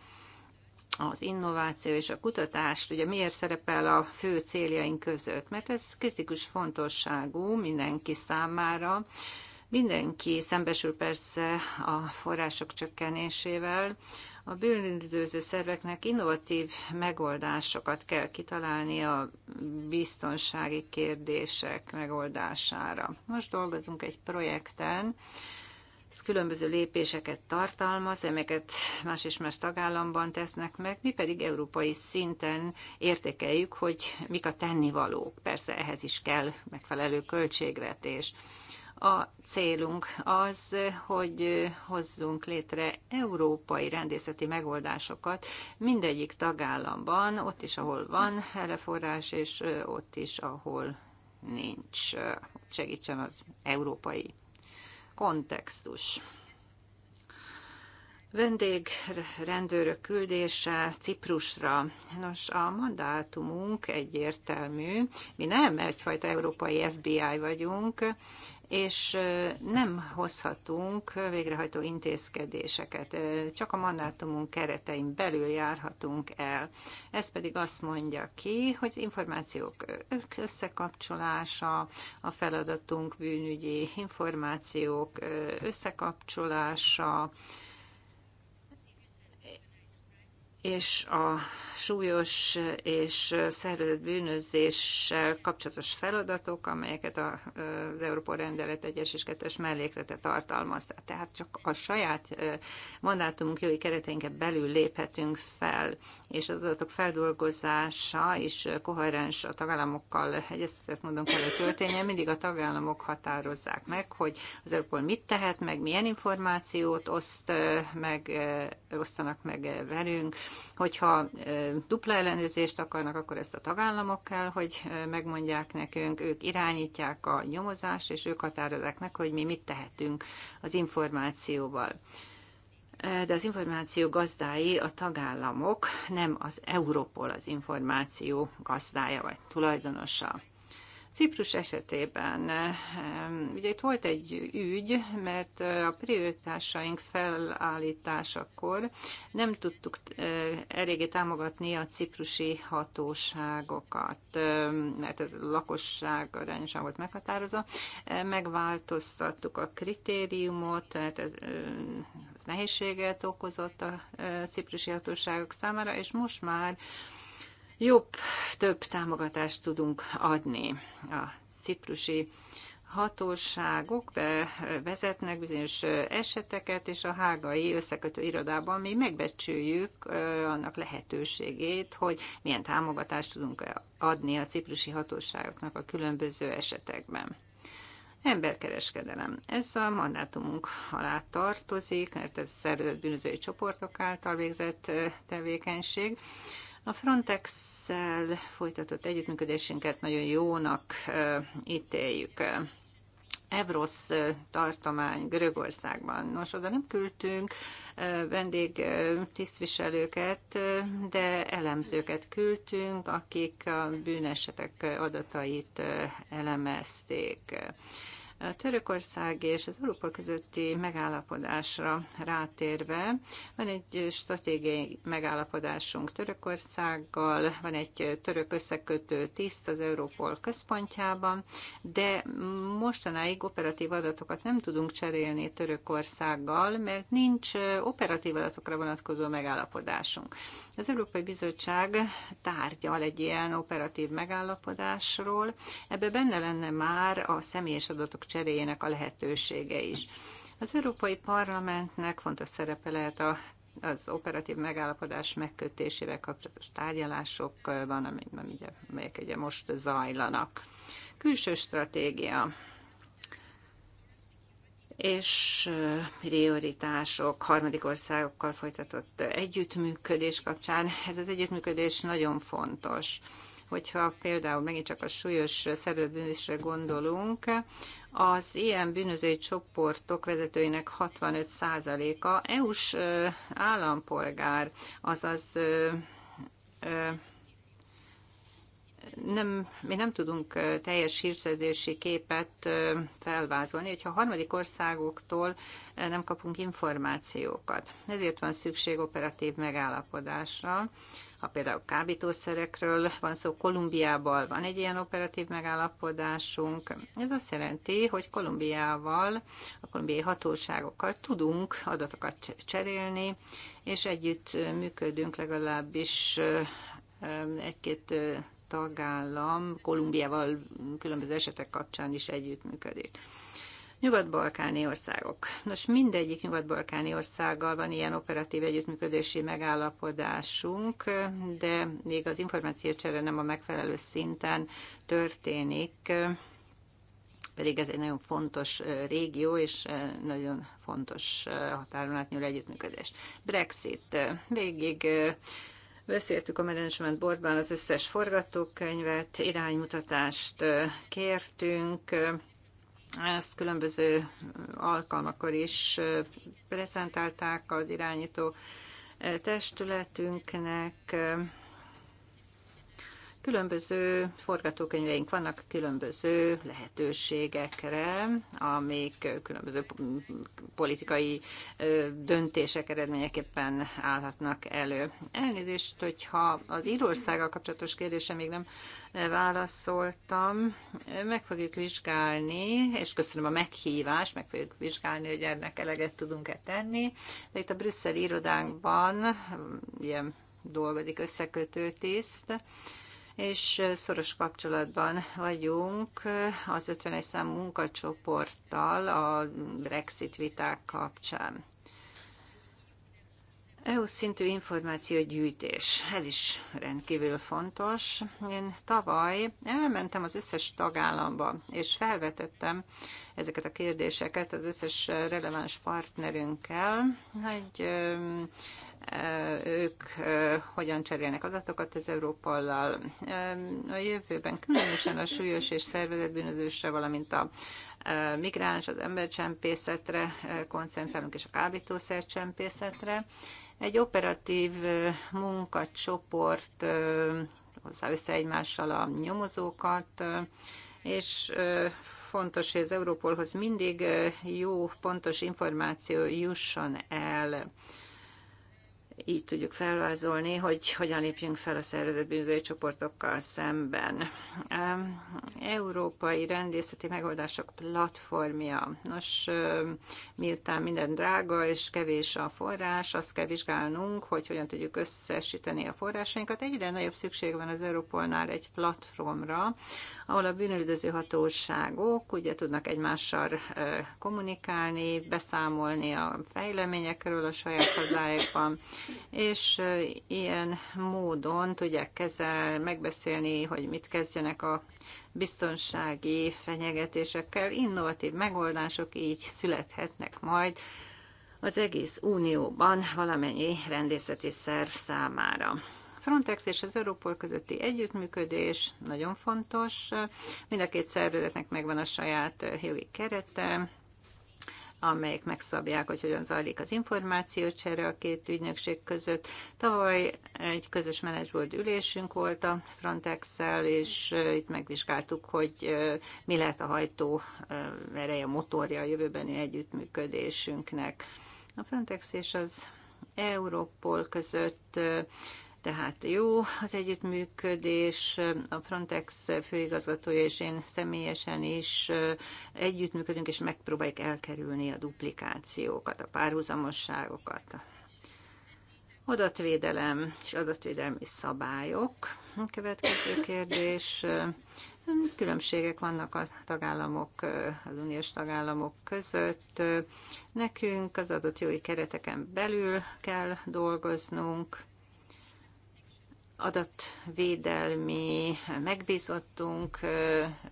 az innováció és a kutatást, ugye miért szerepel a fő céljaink között? Mert ez kritikus fontosságú mindenki számára. Mindenki szembesül persze a források csökkenésével, a bűnüldöző szerveknek innovatív megoldásokat kell kitalálni a biztonsági kérdések megoldására. Most dolgozunk egy projekten, ez különböző lépéseket tartalmaz, amelyeket más és más tagállamban tesznek meg, mi pedig európai szinten értékeljük, hogy mik a tennivalók. Persze ehhez is kell megfelelő költségvetés. A célunk az, hogy hozzunk létre európai rendészeti megoldásokat mindegyik tagállamban, ott is, ahol van erreforrás, és ott is, ahol nincs. Segítsen az európai kontextus vendégrendőrök küldése Ciprusra. Nos, a mandátumunk egyértelmű. Mi nem egyfajta európai FBI vagyunk, és nem hozhatunk végrehajtó intézkedéseket, csak a mandátumunk keretein belül járhatunk el. Ez pedig azt mondja ki, hogy információk összekapcsolása, a feladatunk bűnügyi információk összekapcsolása, és a súlyos és szervezett bűnözéssel kapcsolatos feladatok, amelyeket az Európa Rendelet 1 és 2-es melléklete tartalmaz. Tehát csak a saját mandátumunk jogi kereteinket belül léphetünk fel, és az adatok feldolgozása is koherens a tagállamokkal egyeztetett módon kell, hogy történjen. Mindig a tagállamok határozzák meg, hogy az Európol mit tehet meg, milyen információt oszt meg, osztanak meg velünk, Hogyha dupla ellenőrzést akarnak, akkor ezt a tagállamok kell, hogy megmondják nekünk, ők irányítják a nyomozást, és ők határozzák meg, hogy mi mit tehetünk az információval de az információ gazdái a tagállamok, nem az Europol az információ gazdája vagy tulajdonosa. Ciprus esetében ugye itt volt egy ügy, mert a prioritásaink felállításakor nem tudtuk eléggé támogatni a ciprusi hatóságokat, mert ez lakosság arányosan volt meghatározva. Megváltoztattuk a kritériumot, mert ez nehézséget okozott a ciprusi hatóságok számára, és most már jobb, több támogatást tudunk adni a ciprusi hatóságok bevezetnek bizonyos eseteket, és a hágai összekötő irodában mi megbecsüljük annak lehetőségét, hogy milyen támogatást tudunk adni a ciprusi hatóságoknak a különböző esetekben. Emberkereskedelem. Ez a mandátumunk alá tartozik, mert ez szervezett bűnözői csoportok által végzett tevékenység. A frontex folytatott együttműködésünket nagyon jónak ítéljük. Evrosz tartomány Görögországban. Nos, oda nem küldtünk vendég tisztviselőket, de elemzőket küldtünk, akik a bűnesetek adatait elemezték. A Törökország és az Európa közötti megállapodásra rátérve van egy stratégiai megállapodásunk Törökországgal, van egy török összekötő tiszt az Európol központjában, de mostanáig operatív adatokat nem tudunk cserélni Törökországgal, mert nincs operatív adatokra vonatkozó megállapodásunk. Az Európai Bizottság tárgyal egy ilyen operatív megállapodásról. Ebbe benne lenne már a személyes adatok cseréjének a lehetősége is. Az Európai Parlamentnek fontos szerepe lehet a az operatív megállapodás megkötésével kapcsolatos tárgyalásokban, amelyek ugye most zajlanak. Külső stratégia és prioritások, harmadik országokkal folytatott együttműködés kapcsán. Ez az együttműködés nagyon fontos hogyha például megint csak a súlyos bűnözésre gondolunk, az ilyen bűnözői csoportok vezetőinek 65%-a EU-s állampolgár, azaz nem, mi nem tudunk teljes hírszerzési képet felvázolni, hogyha a harmadik országoktól nem kapunk információkat. Ezért van szükség operatív megállapodásra, ha például kábítószerekről van szó, Kolumbiával van egy ilyen operatív megállapodásunk. Ez azt jelenti, hogy Kolumbiával, a kolumbiai hatóságokkal tudunk adatokat cserélni, és együtt működünk legalábbis egy-két tagállam Kolumbiával különböző esetek kapcsán is együttműködik. Nyugat-balkáni országok. Nos, mindegyik nyugat-balkáni országgal van ilyen operatív együttműködési megállapodásunk, de még az információcsere nem a megfelelő szinten történik, pedig ez egy nagyon fontos régió, és nagyon fontos határon átnyúló együttműködés. Brexit. Végig Beszéltük a Management Boardban az összes forgatókönyvet, iránymutatást kértünk, ezt különböző alkalmakor is prezentálták az irányító testületünknek, Különböző forgatókönyveink vannak különböző lehetőségekre, amik különböző politikai döntések eredményeképpen állhatnak elő. Elnézést, hogyha az Írországgal kapcsolatos kérdése még nem válaszoltam. Meg fogjuk vizsgálni, és köszönöm a meghívást, meg fogjuk vizsgálni, hogy ennek eleget tudunk-e tenni. De itt a brüsszeli irodánkban ilyen dolgozik összekötő tiszt, és szoros kapcsolatban vagyunk az 51 számú munkacsoporttal a Brexit viták kapcsán. EU szintű információgyűjtés, ez is rendkívül fontos. Én tavaly elmentem az összes tagállamba, és felvetettem ezeket a kérdéseket az összes releváns partnerünkkel, hogy ők hogyan cserélnek adatokat az Európallal. A jövőben különösen a súlyos és szervezetbűnözésre, valamint a migráns, az embercsempészetre koncentrálunk, és a kábítószercsempészetre. Egy operatív munkacsoport hozzá össze egymással a nyomozókat, és fontos, hogy az Európolhoz mindig jó, pontos információ jusson el így tudjuk felvázolni, hogy hogyan lépjünk fel a szervezett bűnözői csoportokkal szemben. Európai Rendészeti Megoldások Platformja. Nos, miután minden drága és kevés a forrás, azt kell vizsgálnunk, hogy hogyan tudjuk összesíteni a forrásainkat. Egyre nagyobb szükség van az Európolnál egy platformra, ahol a bűnöldöző hatóságok ugye tudnak egymással kommunikálni, beszámolni a fejleményekről a saját hazájukban, és ilyen módon tudják kezel, megbeszélni, hogy mit kezdjenek a biztonsági fenyegetésekkel. Innovatív megoldások így születhetnek majd az egész Unióban valamennyi rendészeti szerv számára. Frontex és az Europol közötti együttműködés nagyon fontos. Mind a két szervezetnek megvan a saját jogi kerete, amelyek megszabják, hogy hogyan zajlik az információcsere a két ügynökség között. Tavaly egy közös menedzsbord ülésünk volt a frontex és itt megvizsgáltuk, hogy mi lehet a hajtó ereje, a motorja a jövőbeni együttműködésünknek. A Frontex és az Europol között tehát jó az együttműködés, a Frontex főigazgatója és én személyesen is együttműködünk, és megpróbáljuk elkerülni a duplikációkat, a párhuzamosságokat. Adatvédelem és adatvédelmi szabályok. A következő kérdés. Különbségek vannak a tagállamok, az uniós tagállamok között. Nekünk az adott jogi kereteken belül kell dolgoznunk, adatvédelmi megbízottunk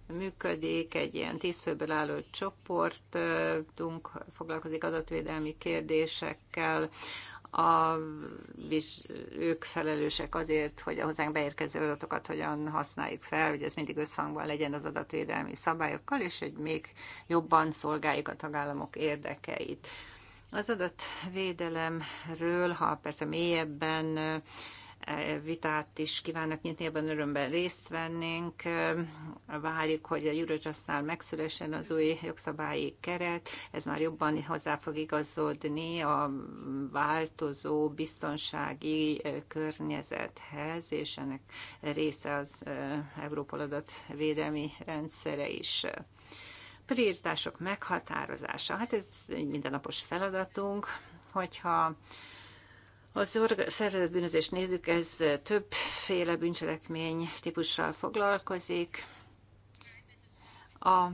működik, egy ilyen tízfőből álló csoportunk foglalkozik adatvédelmi kérdésekkel, a, ők felelősek azért, hogy a hozzánk beérkező adatokat hogyan használjuk fel, hogy ez mindig összhangban legyen az adatvédelmi szabályokkal, és hogy még jobban szolgáljuk a tagállamok érdekeit. Az adatvédelemről, ha persze mélyebben vitát is kívánnak nyitni, ebben örömben részt vennénk. Várjuk, hogy a Eurojustnál megszülessen az új jogszabályi keret. Ez már jobban hozzá fog igazodni a változó biztonsági eh, környezethez, és ennek része az eh, Európol védelmi rendszere is prioritások meghatározása. Hát ez egy mindennapos feladatunk, hogyha az szervezett bűnözést nézzük, ez többféle bűncselekmény típussal foglalkozik. A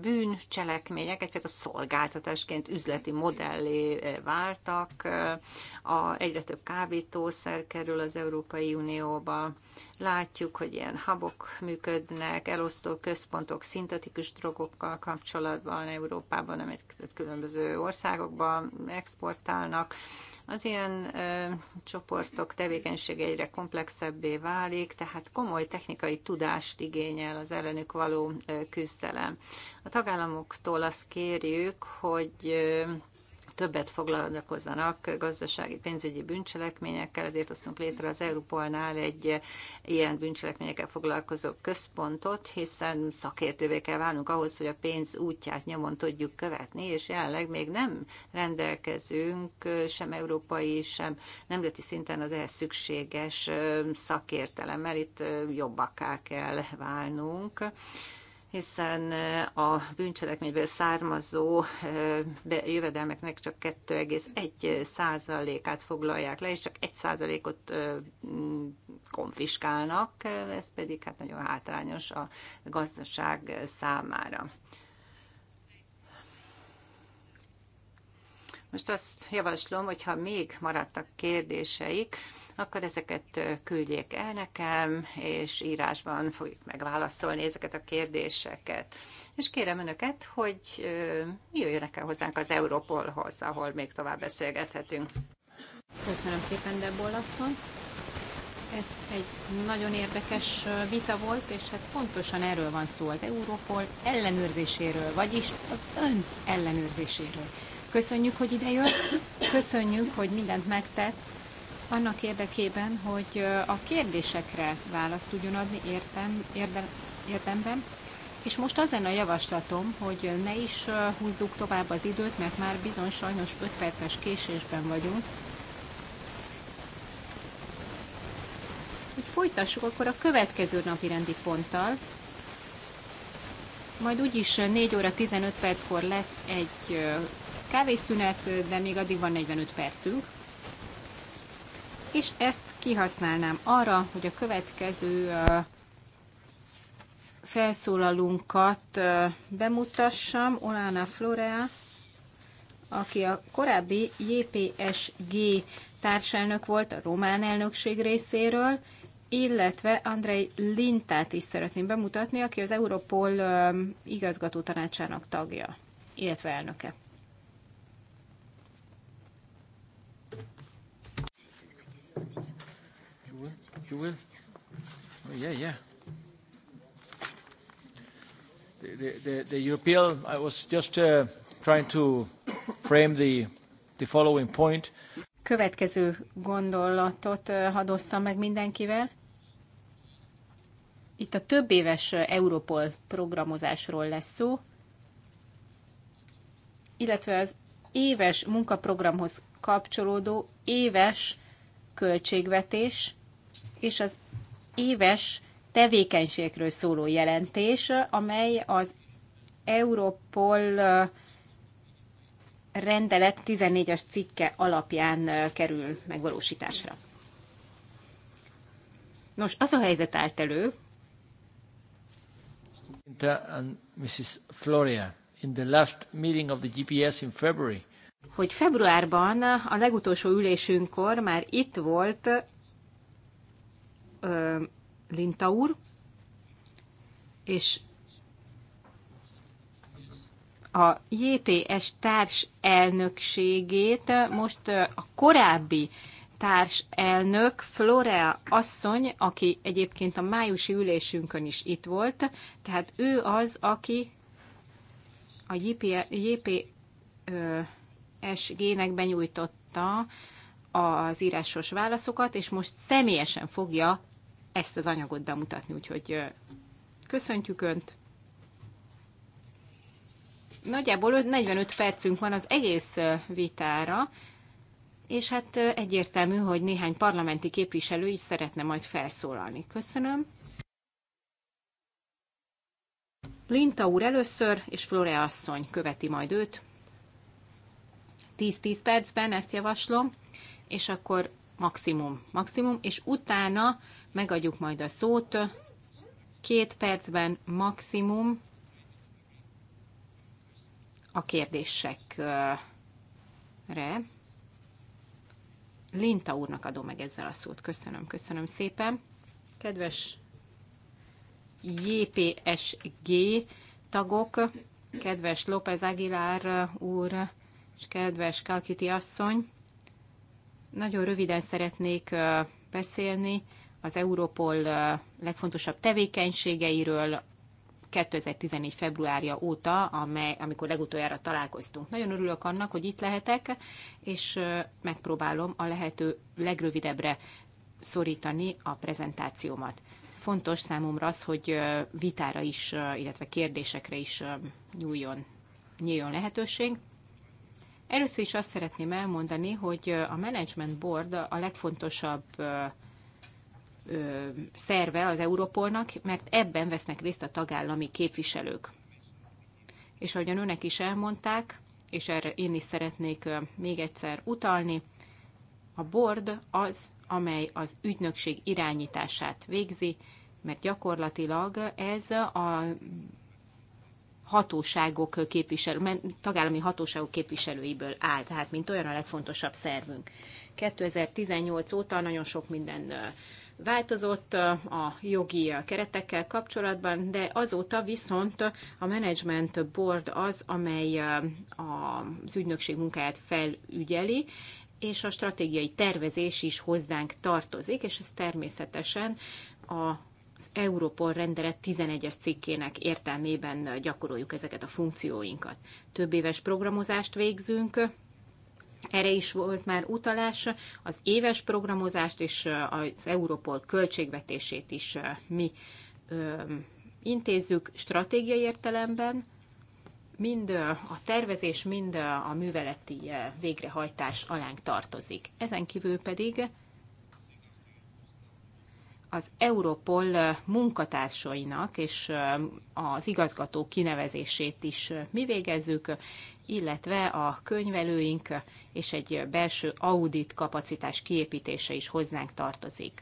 bűncselekmények egyfajta szolgáltatásként üzleti modellé váltak. A, egyre több kábítószer kerül az Európai Unióba. Látjuk, hogy ilyen habok működnek, elosztó központok szintetikus drogokkal kapcsolatban Európában, amit különböző országokban exportálnak. Az ilyen ö, csoportok tevékenysége egyre komplexebbé válik, tehát komoly technikai tudást igényel az ellenük való ö, küzdelem. A tagállamoktól azt kérjük, hogy ö, többet foglalkozzanak gazdasági, pénzügyi bűncselekményekkel, ezért hoztunk létre az Európolnál egy ilyen bűncselekményekkel foglalkozó központot, hiszen szakértővé kell válnunk ahhoz, hogy a pénz útját nyomon tudjuk követni, és jelenleg még nem rendelkezünk sem európai, sem nemzeti szinten az ehhez szükséges szakértelemmel, itt jobbakká kell válnunk hiszen a bűncselekményből származó jövedelmeknek csak 2,1 százalékát foglalják le, és csak 1 százalékot mm, konfiskálnak, ez pedig hát nagyon hátrányos a gazdaság számára. Most azt javaslom, hogyha még maradtak kérdéseik, akkor ezeket küldjék el nekem, és írásban fogjuk megválaszolni ezeket a kérdéseket. És kérem önöket, hogy jöjjönek el hozzánk az Európolhoz, ahol még tovább beszélgethetünk. Köszönöm szépen, Debol asszony. Ez egy nagyon érdekes vita volt, és hát pontosan erről van szó, az Európol ellenőrzéséről, vagyis az ön ellenőrzéséről. Köszönjük, hogy idejött, köszönjük, hogy mindent megtett annak érdekében, hogy a kérdésekre választ tudjon adni értem, érdem, érdemben, és most az lenne a javaslatom, hogy ne is húzzuk tovább az időt, mert már bizony sajnos 5 perces késésben vagyunk. Úgy folytassuk akkor a következő napi rendi ponttal. Majd úgyis 4 óra 15 perckor lesz egy kávészünet, de még addig van 45 percünk és ezt kihasználnám arra, hogy a következő felszólalunkat bemutassam, Olana Florea, aki a korábbi JPSG társelnök volt a román elnökség részéről, illetve Andrei Lintát is szeretném bemutatni, aki az Europol igazgató tanácsának tagja, illetve elnöke. You will? You will? Oh, yeah, yeah. The, the, the, European, I was just uh, trying to frame the, the following point. Következő gondolatot uh, hadd meg mindenkivel. Itt a több éves uh, Europol programozásról lesz szó, illetve az éves munkaprogramhoz kapcsolódó éves költségvetés és az éves tevékenységekről szóló jelentés, amely az Europol rendelet 14-es cikke alapján kerül megvalósításra. Nos, az a helyzet állt elő, and Mrs. Floria in the last meeting of the GPS in February hogy februárban a legutolsó ülésünkkor már itt volt ö, Linta úr, és a JPS társ elnökségét most a korábbi társ elnök Florea asszony, aki egyébként a májusi ülésünkön is itt volt, tehát ő az, aki a JP, JP ö, ESG-nek benyújtotta az írásos válaszokat, és most személyesen fogja ezt az anyagot bemutatni, úgyhogy köszöntjük Önt! Nagyjából 45 percünk van az egész vitára, és hát egyértelmű, hogy néhány parlamenti képviselő is szeretne majd felszólalni. Köszönöm. Linta úr először, és Flore asszony követi majd őt. 10-10 percben, ezt javaslom, és akkor maximum, maximum, és utána megadjuk majd a szót két percben maximum a kérdésekre. Linta úrnak adom meg ezzel a szót. Köszönöm, köszönöm szépen. Kedves JPSG tagok, kedves López Aguilar úr, kedves Kalkiti asszony, nagyon röviden szeretnék beszélni az Europol legfontosabb tevékenységeiről 2014. februárja óta, amely, amikor legutoljára találkoztunk. Nagyon örülök annak, hogy itt lehetek, és megpróbálom a lehető legrövidebbre szorítani a prezentációmat. Fontos számomra az, hogy vitára is, illetve kérdésekre is nyúljon, nyíljon lehetőség. Először is azt szeretném elmondani, hogy a Management Board a legfontosabb szerve az Európolnak, mert ebben vesznek részt a tagállami képviselők. És ahogyan önnek is elmondták, és erre én is szeretnék még egyszer utalni, a board az, amely az ügynökség irányítását végzi, mert gyakorlatilag ez a hatóságok képviselő, tagállami hatóságok képviselőiből áll, tehát mint olyan a legfontosabb szervünk. 2018 óta nagyon sok minden változott a jogi keretekkel kapcsolatban, de azóta viszont a Management Board az, amely az ügynökség munkáját felügyeli, és a stratégiai tervezés is hozzánk tartozik, és ez természetesen a az Europol rendelet 11-es cikkének értelmében gyakoroljuk ezeket a funkcióinkat. Több éves programozást végzünk, erre is volt már utalás, az éves programozást és az Europol költségvetését is mi intézzük stratégiai értelemben, mind a tervezés, mind a műveleti végrehajtás alánk tartozik. Ezen kívül pedig az Europol munkatársainak és az igazgató kinevezését is mi végezzük, illetve a könyvelőink és egy belső audit kapacitás kiépítése is hozzánk tartozik.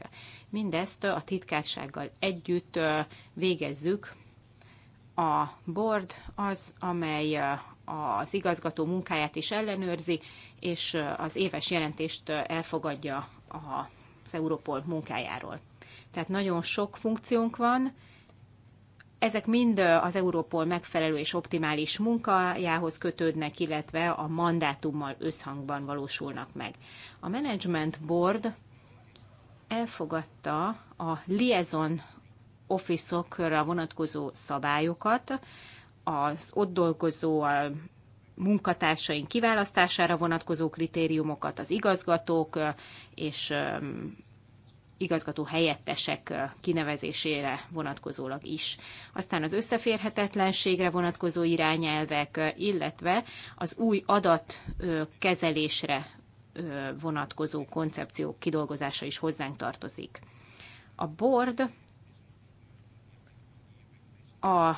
Mindezt a titkársággal együtt végezzük. A board az, amely az igazgató munkáját is ellenőrzi, és az éves jelentést elfogadja az Europol munkájáról tehát nagyon sok funkciónk van. Ezek mind az Európol megfelelő és optimális munkájához kötődnek, illetve a mandátummal összhangban valósulnak meg. A Management Board elfogadta a liaison office vonatkozó szabályokat, az ott dolgozó munkatársaink kiválasztására vonatkozó kritériumokat, az igazgatók és igazgató helyettesek kinevezésére vonatkozólag is. Aztán az összeférhetetlenségre vonatkozó irányelvek, illetve az új adatkezelésre vonatkozó koncepciók kidolgozása is hozzánk tartozik. A board a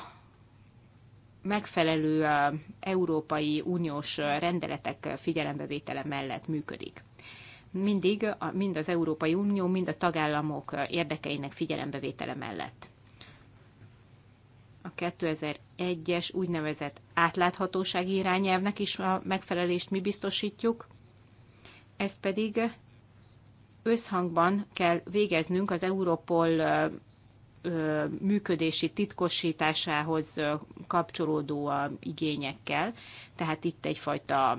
megfelelő Európai Uniós rendeletek figyelembevétele mellett működik mindig mind az Európai Unió, mind a tagállamok érdekeinek figyelembevétele mellett. A 2001-es úgynevezett átláthatósági irányelvnek is a megfelelést mi biztosítjuk, ez pedig összhangban kell végeznünk az Európol működési titkosításához kapcsolódó igényekkel, tehát itt egyfajta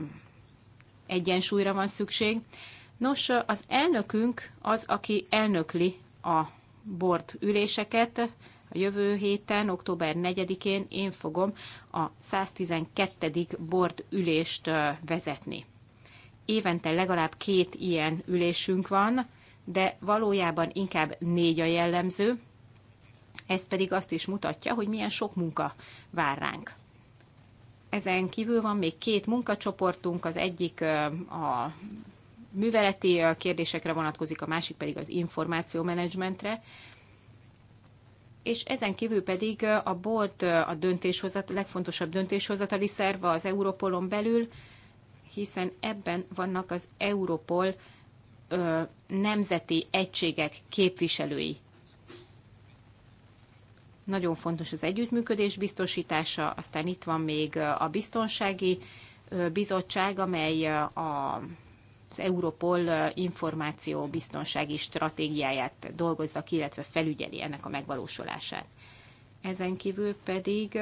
egyensúlyra van szükség. Nos, az elnökünk az, aki elnökli a bord üléseket. A jövő héten, október 4-én én fogom a 112. bord ülést vezetni. Évente legalább két ilyen ülésünk van, de valójában inkább négy a jellemző. Ez pedig azt is mutatja, hogy milyen sok munka vár ránk. Ezen kívül van még két munkacsoportunk, az egyik a műveleti kérdésekre vonatkozik, a másik pedig az információ menedzsmentre. És ezen kívül pedig a board a döntéshozat, a legfontosabb döntéshozatali szerve az Európolon belül, hiszen ebben vannak az Európol ö, nemzeti egységek képviselői. Nagyon fontos az együttműködés biztosítása, aztán itt van még a biztonsági bizottság, amely a az Europol információ biztonsági stratégiáját dolgozza ki, illetve felügyeli ennek a megvalósulását. Ezen kívül pedig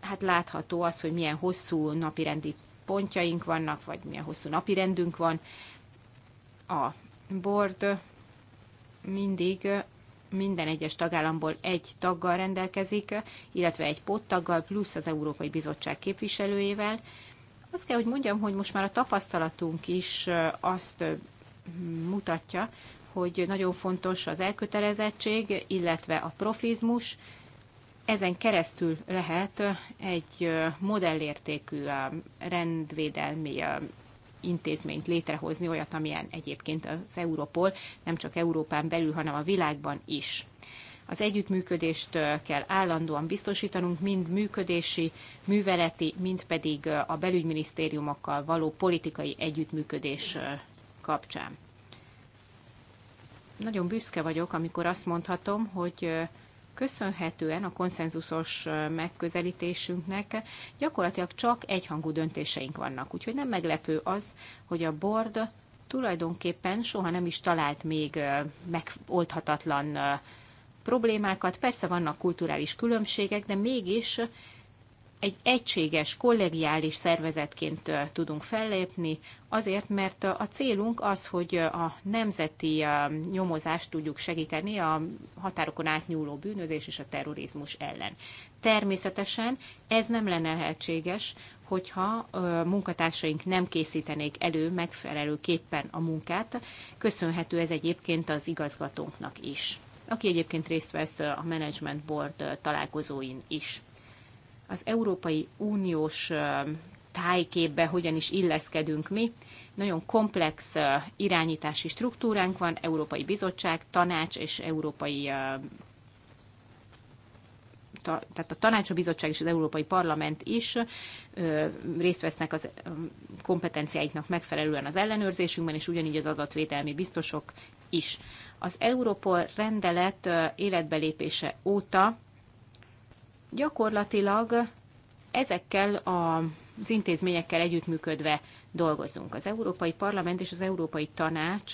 hát látható az, hogy milyen hosszú napirendi pontjaink vannak, vagy milyen hosszú napirendünk van. A board mindig minden egyes tagállamból egy taggal rendelkezik, illetve egy pottaggal, plusz az Európai Bizottság képviselőjével, azt kell, hogy mondjam, hogy most már a tapasztalatunk is azt mutatja, hogy nagyon fontos az elkötelezettség, illetve a profizmus. Ezen keresztül lehet egy modellértékű rendvédelmi intézményt létrehozni, olyat, amilyen egyébként az Európol nem csak Európán belül, hanem a világban is. Az együttműködést kell állandóan biztosítanunk, mind működési, műveleti, mind pedig a belügyminisztériumokkal való politikai együttműködés kapcsán. Nagyon büszke vagyok, amikor azt mondhatom, hogy köszönhetően a konszenzusos megközelítésünknek gyakorlatilag csak egyhangú döntéseink vannak. Úgyhogy nem meglepő az, hogy a board tulajdonképpen soha nem is talált még megoldhatatlan problémákat. Persze vannak kulturális különbségek, de mégis egy egységes, kollegiális szervezetként tudunk fellépni, azért, mert a célunk az, hogy a nemzeti nyomozást tudjuk segíteni a határokon átnyúló bűnözés és a terrorizmus ellen. Természetesen ez nem lenne lehetséges, hogyha munkatársaink nem készítenék elő megfelelőképpen a munkát. Köszönhető ez egyébként az igazgatónknak is aki egyébként részt vesz a Management Board találkozóin is. Az Európai Uniós tájképbe hogyan is illeszkedünk mi. Nagyon komplex irányítási struktúránk van, Európai Bizottság, Tanács és Európai tehát a Tanács, a Bizottság és az Európai Parlament is ö, részt vesznek az kompetenciáiknak megfelelően az ellenőrzésünkben, és ugyanígy az adatvédelmi biztosok is. Az Europol rendelet életbelépése óta gyakorlatilag ezekkel az intézményekkel együttműködve dolgozunk. Az Európai Parlament és az Európai Tanács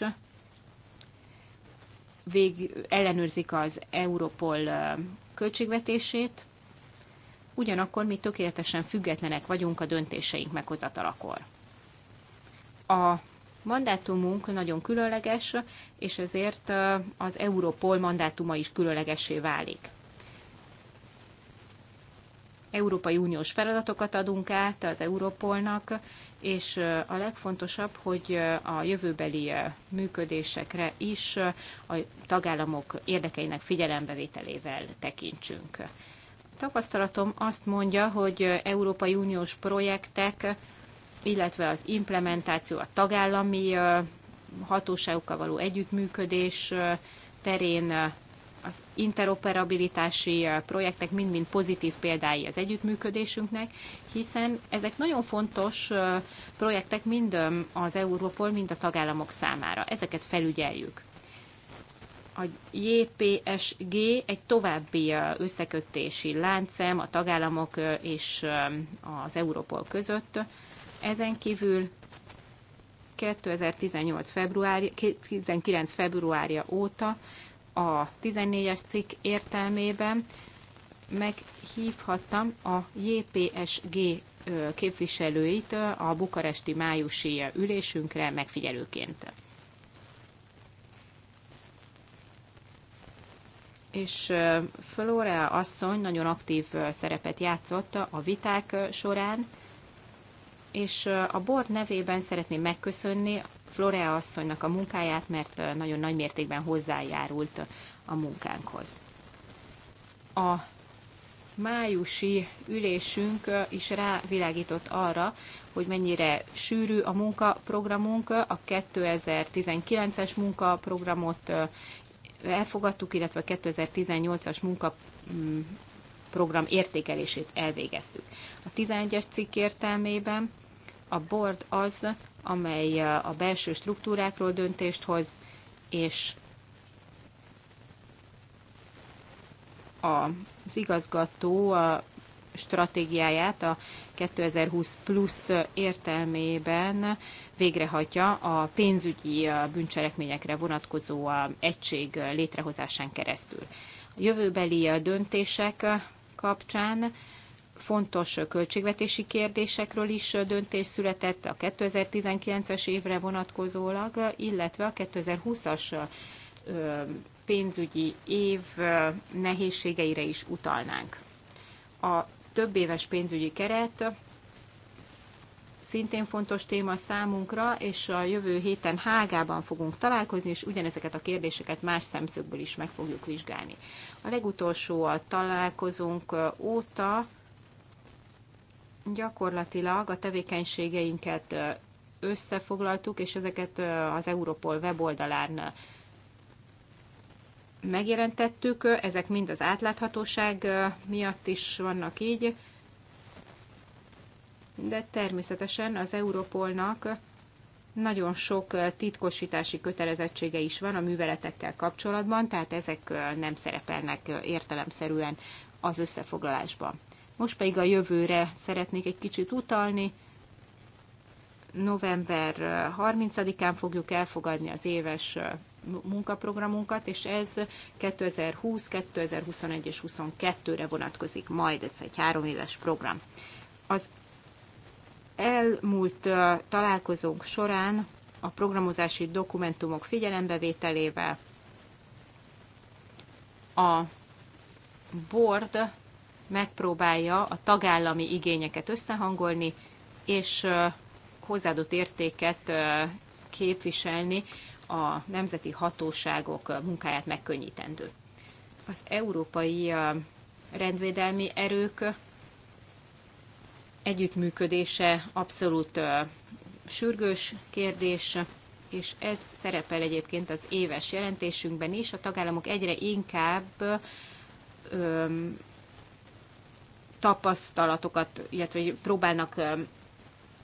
vég, ellenőrzik az Europol költségvetését, ugyanakkor mi tökéletesen függetlenek vagyunk a döntéseink meghozatalakor. A Mandátumunk nagyon különleges, és ezért az Europol mandátuma is különlegessé válik. Európai Uniós feladatokat adunk át az Europolnak, és a legfontosabb, hogy a jövőbeli működésekre is a tagállamok érdekeinek figyelembevételével tekintsünk. A tapasztalatom azt mondja, hogy Európai Uniós projektek illetve az implementáció, a tagállami hatóságokkal való együttműködés terén az interoperabilitási projektek mind-mind pozitív példái az együttműködésünknek, hiszen ezek nagyon fontos projektek mind az Európol, mind a tagállamok számára. Ezeket felügyeljük. A JPSG egy további összekötési láncem a tagállamok és az Európol között ezen kívül 2018. Február, 19. februárja óta a 14-es cikk értelmében meghívhattam a JPSG képviselőit a bukaresti májusi ülésünkre megfigyelőként. És Flórea asszony nagyon aktív szerepet játszott a viták során, és a bord nevében szeretném megköszönni Florea asszonynak a munkáját, mert nagyon nagy mértékben hozzájárult a munkánkhoz. A májusi ülésünk is rávilágított arra, hogy mennyire sűrű a munkaprogramunk, a 2019-es munkaprogramot elfogadtuk, illetve a 2018-as munkaprogram mm, értékelését elvégeztük. A 11-es cikk értelmében a board az, amely a belső struktúrákról döntést hoz, és az igazgató a stratégiáját a 2020 plusz értelmében végrehajtja a pénzügyi bűncselekményekre vonatkozó egység létrehozásán keresztül. A jövőbeli döntések kapcsán fontos költségvetési kérdésekről is döntés született a 2019-es évre vonatkozólag, illetve a 2020-as pénzügyi év nehézségeire is utalnánk. A több éves pénzügyi keret szintén fontos téma számunkra, és a jövő héten Hágában fogunk találkozni, és ugyanezeket a kérdéseket más szemszögből is meg fogjuk vizsgálni. A legutolsó a találkozunk óta gyakorlatilag a tevékenységeinket összefoglaltuk, és ezeket az Europol weboldalán megjelentettük. Ezek mind az átláthatóság miatt is vannak így, de természetesen az Europolnak nagyon sok titkosítási kötelezettsége is van a műveletekkel kapcsolatban, tehát ezek nem szerepelnek értelemszerűen az összefoglalásban. Most pedig a jövőre szeretnék egy kicsit utalni. November 30-án fogjuk elfogadni az éves munkaprogramunkat, és ez 2020, 2021 és 22 re vonatkozik majd, ez egy három éves program. Az elmúlt találkozónk során a programozási dokumentumok figyelembevételével a board megpróbálja a tagállami igényeket összehangolni, és hozzáadott értéket képviselni a nemzeti hatóságok munkáját megkönnyítendő. Az európai rendvédelmi erők együttműködése abszolút sürgős kérdés, és ez szerepel egyébként az éves jelentésünkben is. A tagállamok egyre inkább tapasztalatokat, illetve próbálnak um,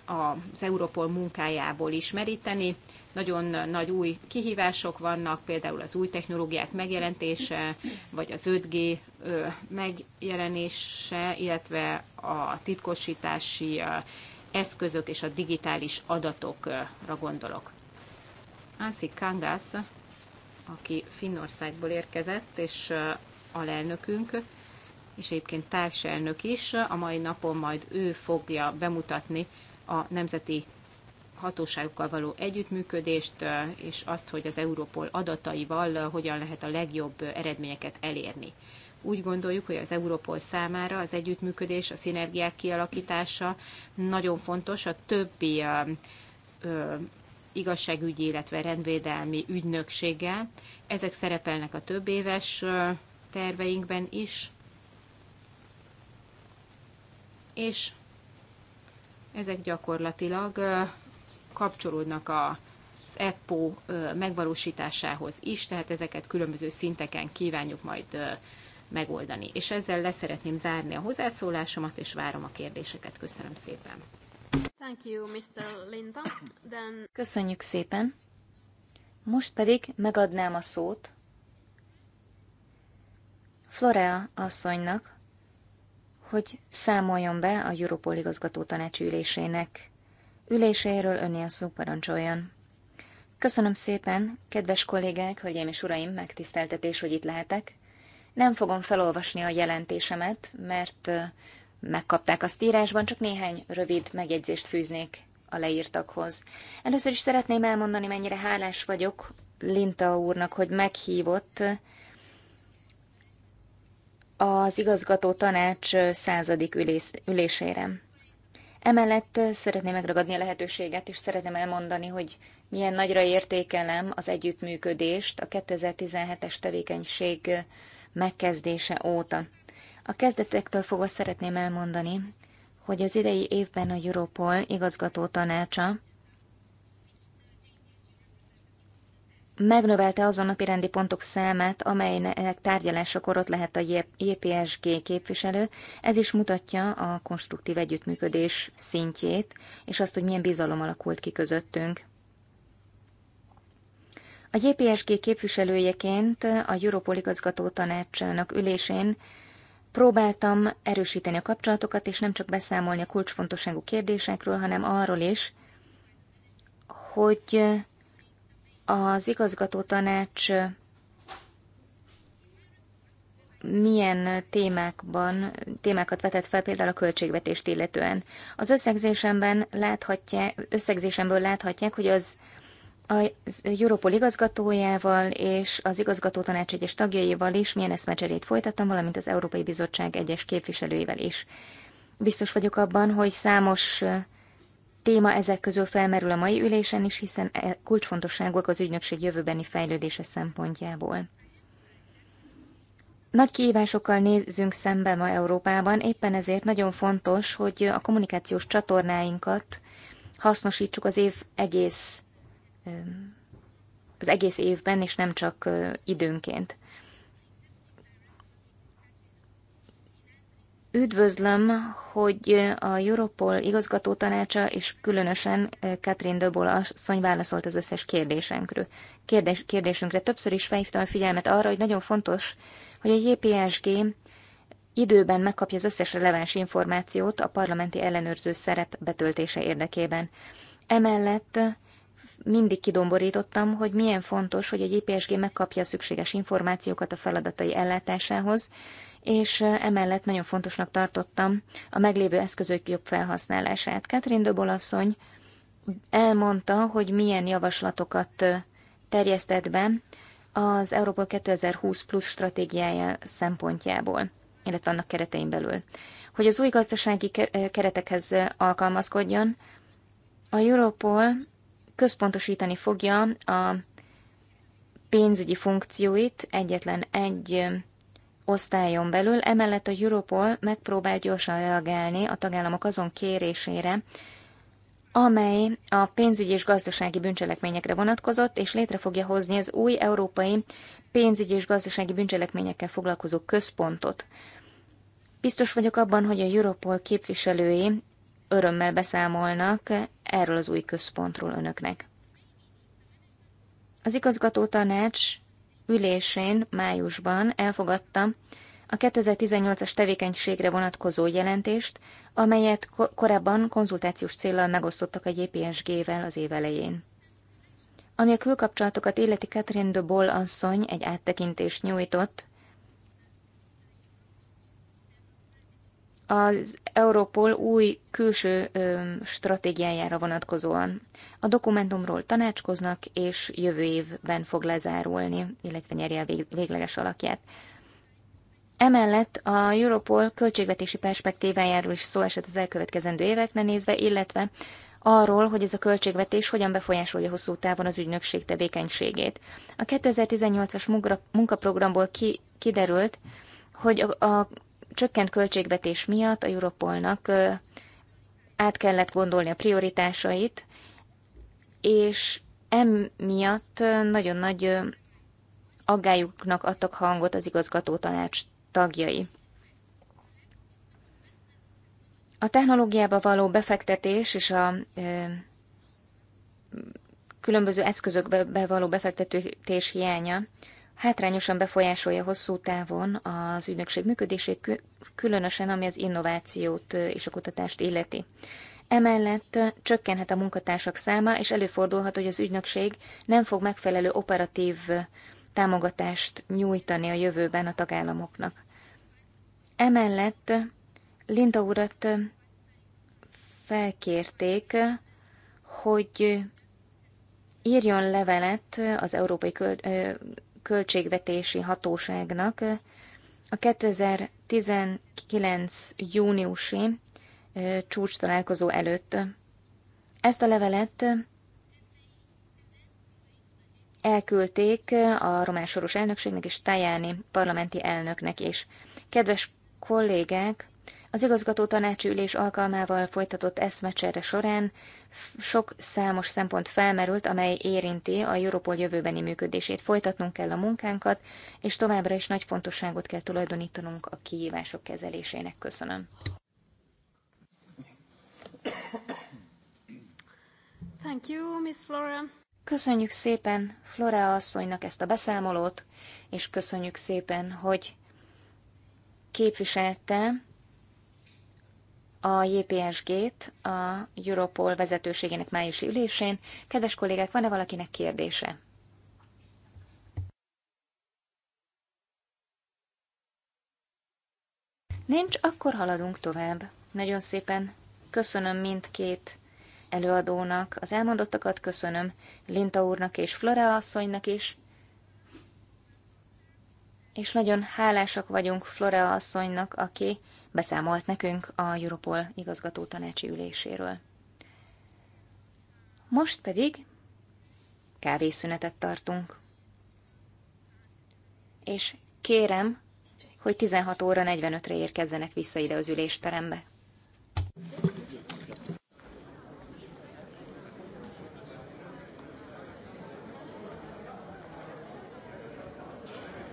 az Európol munkájából ismeríteni. Nagyon nagy új kihívások vannak, például az új technológiák megjelentése, vagy az 5G megjelenése, illetve a titkosítási eszközök és a digitális adatokra gondolok. Ansi Kangas, aki Finnországból érkezett, és alelnökünk, és egyébként társelnök is. A mai napon majd ő fogja bemutatni a nemzeti hatóságokkal való együttműködést, és azt, hogy az Európol adataival hogyan lehet a legjobb eredményeket elérni. Úgy gondoljuk, hogy az Európol számára az együttműködés, a szinergiák kialakítása nagyon fontos. A többi igazságügyi, illetve rendvédelmi ügynökséggel. Ezek szerepelnek a több éves terveinkben is, és ezek gyakorlatilag kapcsolódnak a az EPPO megvalósításához is, tehát ezeket különböző szinteken kívánjuk majd megoldani. És ezzel leszeretném zárni a hozzászólásomat, és várom a kérdéseket. Köszönöm szépen. Thank you, Mr. Linda. Then... Köszönjük szépen. Most pedig megadnám a szót Florea asszonynak, hogy számoljon be a Europol igazgató tanács ülésének. Üléséről önnél szó parancsoljon. Köszönöm szépen, kedves kollégák, hölgyeim és uraim, megtiszteltetés, hogy itt lehetek. Nem fogom felolvasni a jelentésemet, mert megkapták azt írásban, csak néhány rövid megjegyzést fűznék a leírtakhoz. Először is szeretném elmondani, mennyire hálás vagyok Linta úrnak, hogy meghívott, az igazgató tanács századik ülés, ülésére. Emellett szeretném megragadni a lehetőséget, és szeretném elmondani, hogy milyen nagyra értékelem az együttműködést a 2017-es tevékenység megkezdése óta. A kezdetektől fogva szeretném elmondani, hogy az idei évben a Europol igazgató tanácsa megnövelte azon napi rendi pontok számát, amelynek tárgyalásakor ott lehet a JPSG képviselő. Ez is mutatja a konstruktív együttműködés szintjét, és azt, hogy milyen bizalom alakult ki közöttünk. A JPSG képviselőjeként a Europol igazgató tanácsának ülésén próbáltam erősíteni a kapcsolatokat, és nem csak beszámolni a kulcsfontosságú kérdésekről, hanem arról is, hogy az igazgató tanács milyen témákban, témákat vetett fel például a költségvetést illetően. Az összegzésemben láthatja összegzésemből láthatják, hogy az az Europol igazgatójával és az igazgató tanács egyes tagjaival is milyen eszmecserét folytattam, valamint az Európai Bizottság egyes képviselőivel is. Biztos vagyok abban, hogy számos téma ezek közül felmerül a mai ülésen is, hiszen e kulcsfontosságúak az ügynökség jövőbeni fejlődése szempontjából. Nagy kihívásokkal nézzünk szembe ma Európában, éppen ezért nagyon fontos, hogy a kommunikációs csatornáinkat hasznosítsuk az év egész, az egész évben, és nem csak időnként. Üdvözlöm, hogy a Europol igazgató tanácsa és különösen Katrin eh, Döbola asszony válaszolt az összes kérdésünkről. Kérdés, kérdésünkre többször is felhívtam a figyelmet arra, hogy nagyon fontos, hogy a JPSG időben megkapja az összes releváns információt a parlamenti ellenőrző szerep betöltése érdekében. Emellett mindig kidomborítottam, hogy milyen fontos, hogy a JPSG megkapja a szükséges információkat a feladatai ellátásához, és emellett nagyon fontosnak tartottam a meglévő eszközök jobb felhasználását. Katrin Döbol asszony elmondta, hogy milyen javaslatokat terjesztett be az Európa 2020 plusz stratégiája szempontjából, illetve annak keretein belül. Hogy az új gazdasági keretekhez alkalmazkodjon, a Europol központosítani fogja a pénzügyi funkcióit egyetlen egy osztályon belül, emellett a Europol megpróbál gyorsan reagálni a tagállamok azon kérésére, amely a pénzügyi és gazdasági bűncselekményekre vonatkozott, és létre fogja hozni az új európai pénzügyi és gazdasági bűncselekményekkel foglalkozó központot. Biztos vagyok abban, hogy a Europol képviselői örömmel beszámolnak erről az új központról önöknek. Az igazgató tanács ülésén májusban elfogadta a 2018-as tevékenységre vonatkozó jelentést, amelyet korábban konzultációs célral megosztottak a JPSG-vel e az év elején. Ami a külkapcsolatokat illeti Catherine de Boll asszony egy áttekintést nyújtott az Europol új külső stratégiájára vonatkozóan. A dokumentumról tanácskoznak, és jövő évben fog lezárulni, illetve nyerje a végleges alakját. Emellett a Europol költségvetési perspektívájáról is szó esett az elkövetkezendő évekre nézve, illetve arról, hogy ez a költségvetés hogyan befolyásolja hosszú távon az ügynökség tevékenységét. A 2018-as munkaprogramból ki, kiderült, hogy a, a csökkent költségvetés miatt a Europolnak át kellett gondolni a prioritásait, és emiatt nagyon nagy aggályuknak adtak hangot az igazgató tanács tagjai. A technológiába való befektetés és a különböző eszközökbe való befektetés hiánya hátrányosan befolyásolja hosszú távon az ügynökség működését, különösen ami az innovációt és a kutatást illeti. Emellett csökkenhet a munkatársak száma, és előfordulhat, hogy az ügynökség nem fog megfelelő operatív támogatást nyújtani a jövőben a tagállamoknak. Emellett Linda urat felkérték, hogy írjon levelet az Európai költségvetési hatóságnak a 2019. júniusi csúcs találkozó előtt. Ezt a levelet elküldték a román soros elnökségnek és Tajáni parlamenti elnöknek is. Kedves kollégák, az igazgató tanácsülés alkalmával folytatott eszmecsere során sok számos szempont felmerült, amely érinti a Europol jövőbeni működését. Folytatnunk kell a munkánkat, és továbbra is nagy fontosságot kell tulajdonítanunk a kihívások kezelésének. Köszönöm. Thank you, Miss Flora. Köszönjük szépen Flora asszonynak ezt a beszámolót, és köszönjük szépen, hogy képviselte a JPSG-t a Europol vezetőségének májusi ülésén. Kedves kollégák, van-e valakinek kérdése? Nincs, akkor haladunk tovább. Nagyon szépen köszönöm mindkét előadónak az elmondottakat, köszönöm Linta úrnak és Flora asszonynak is, és nagyon hálásak vagyunk Flora asszonynak, aki beszámolt nekünk a Europol igazgató tanácsi üléséről. Most pedig kávészünetet tartunk. És kérem, hogy 16 óra 45-re érkezzenek vissza ide az ülésterembe.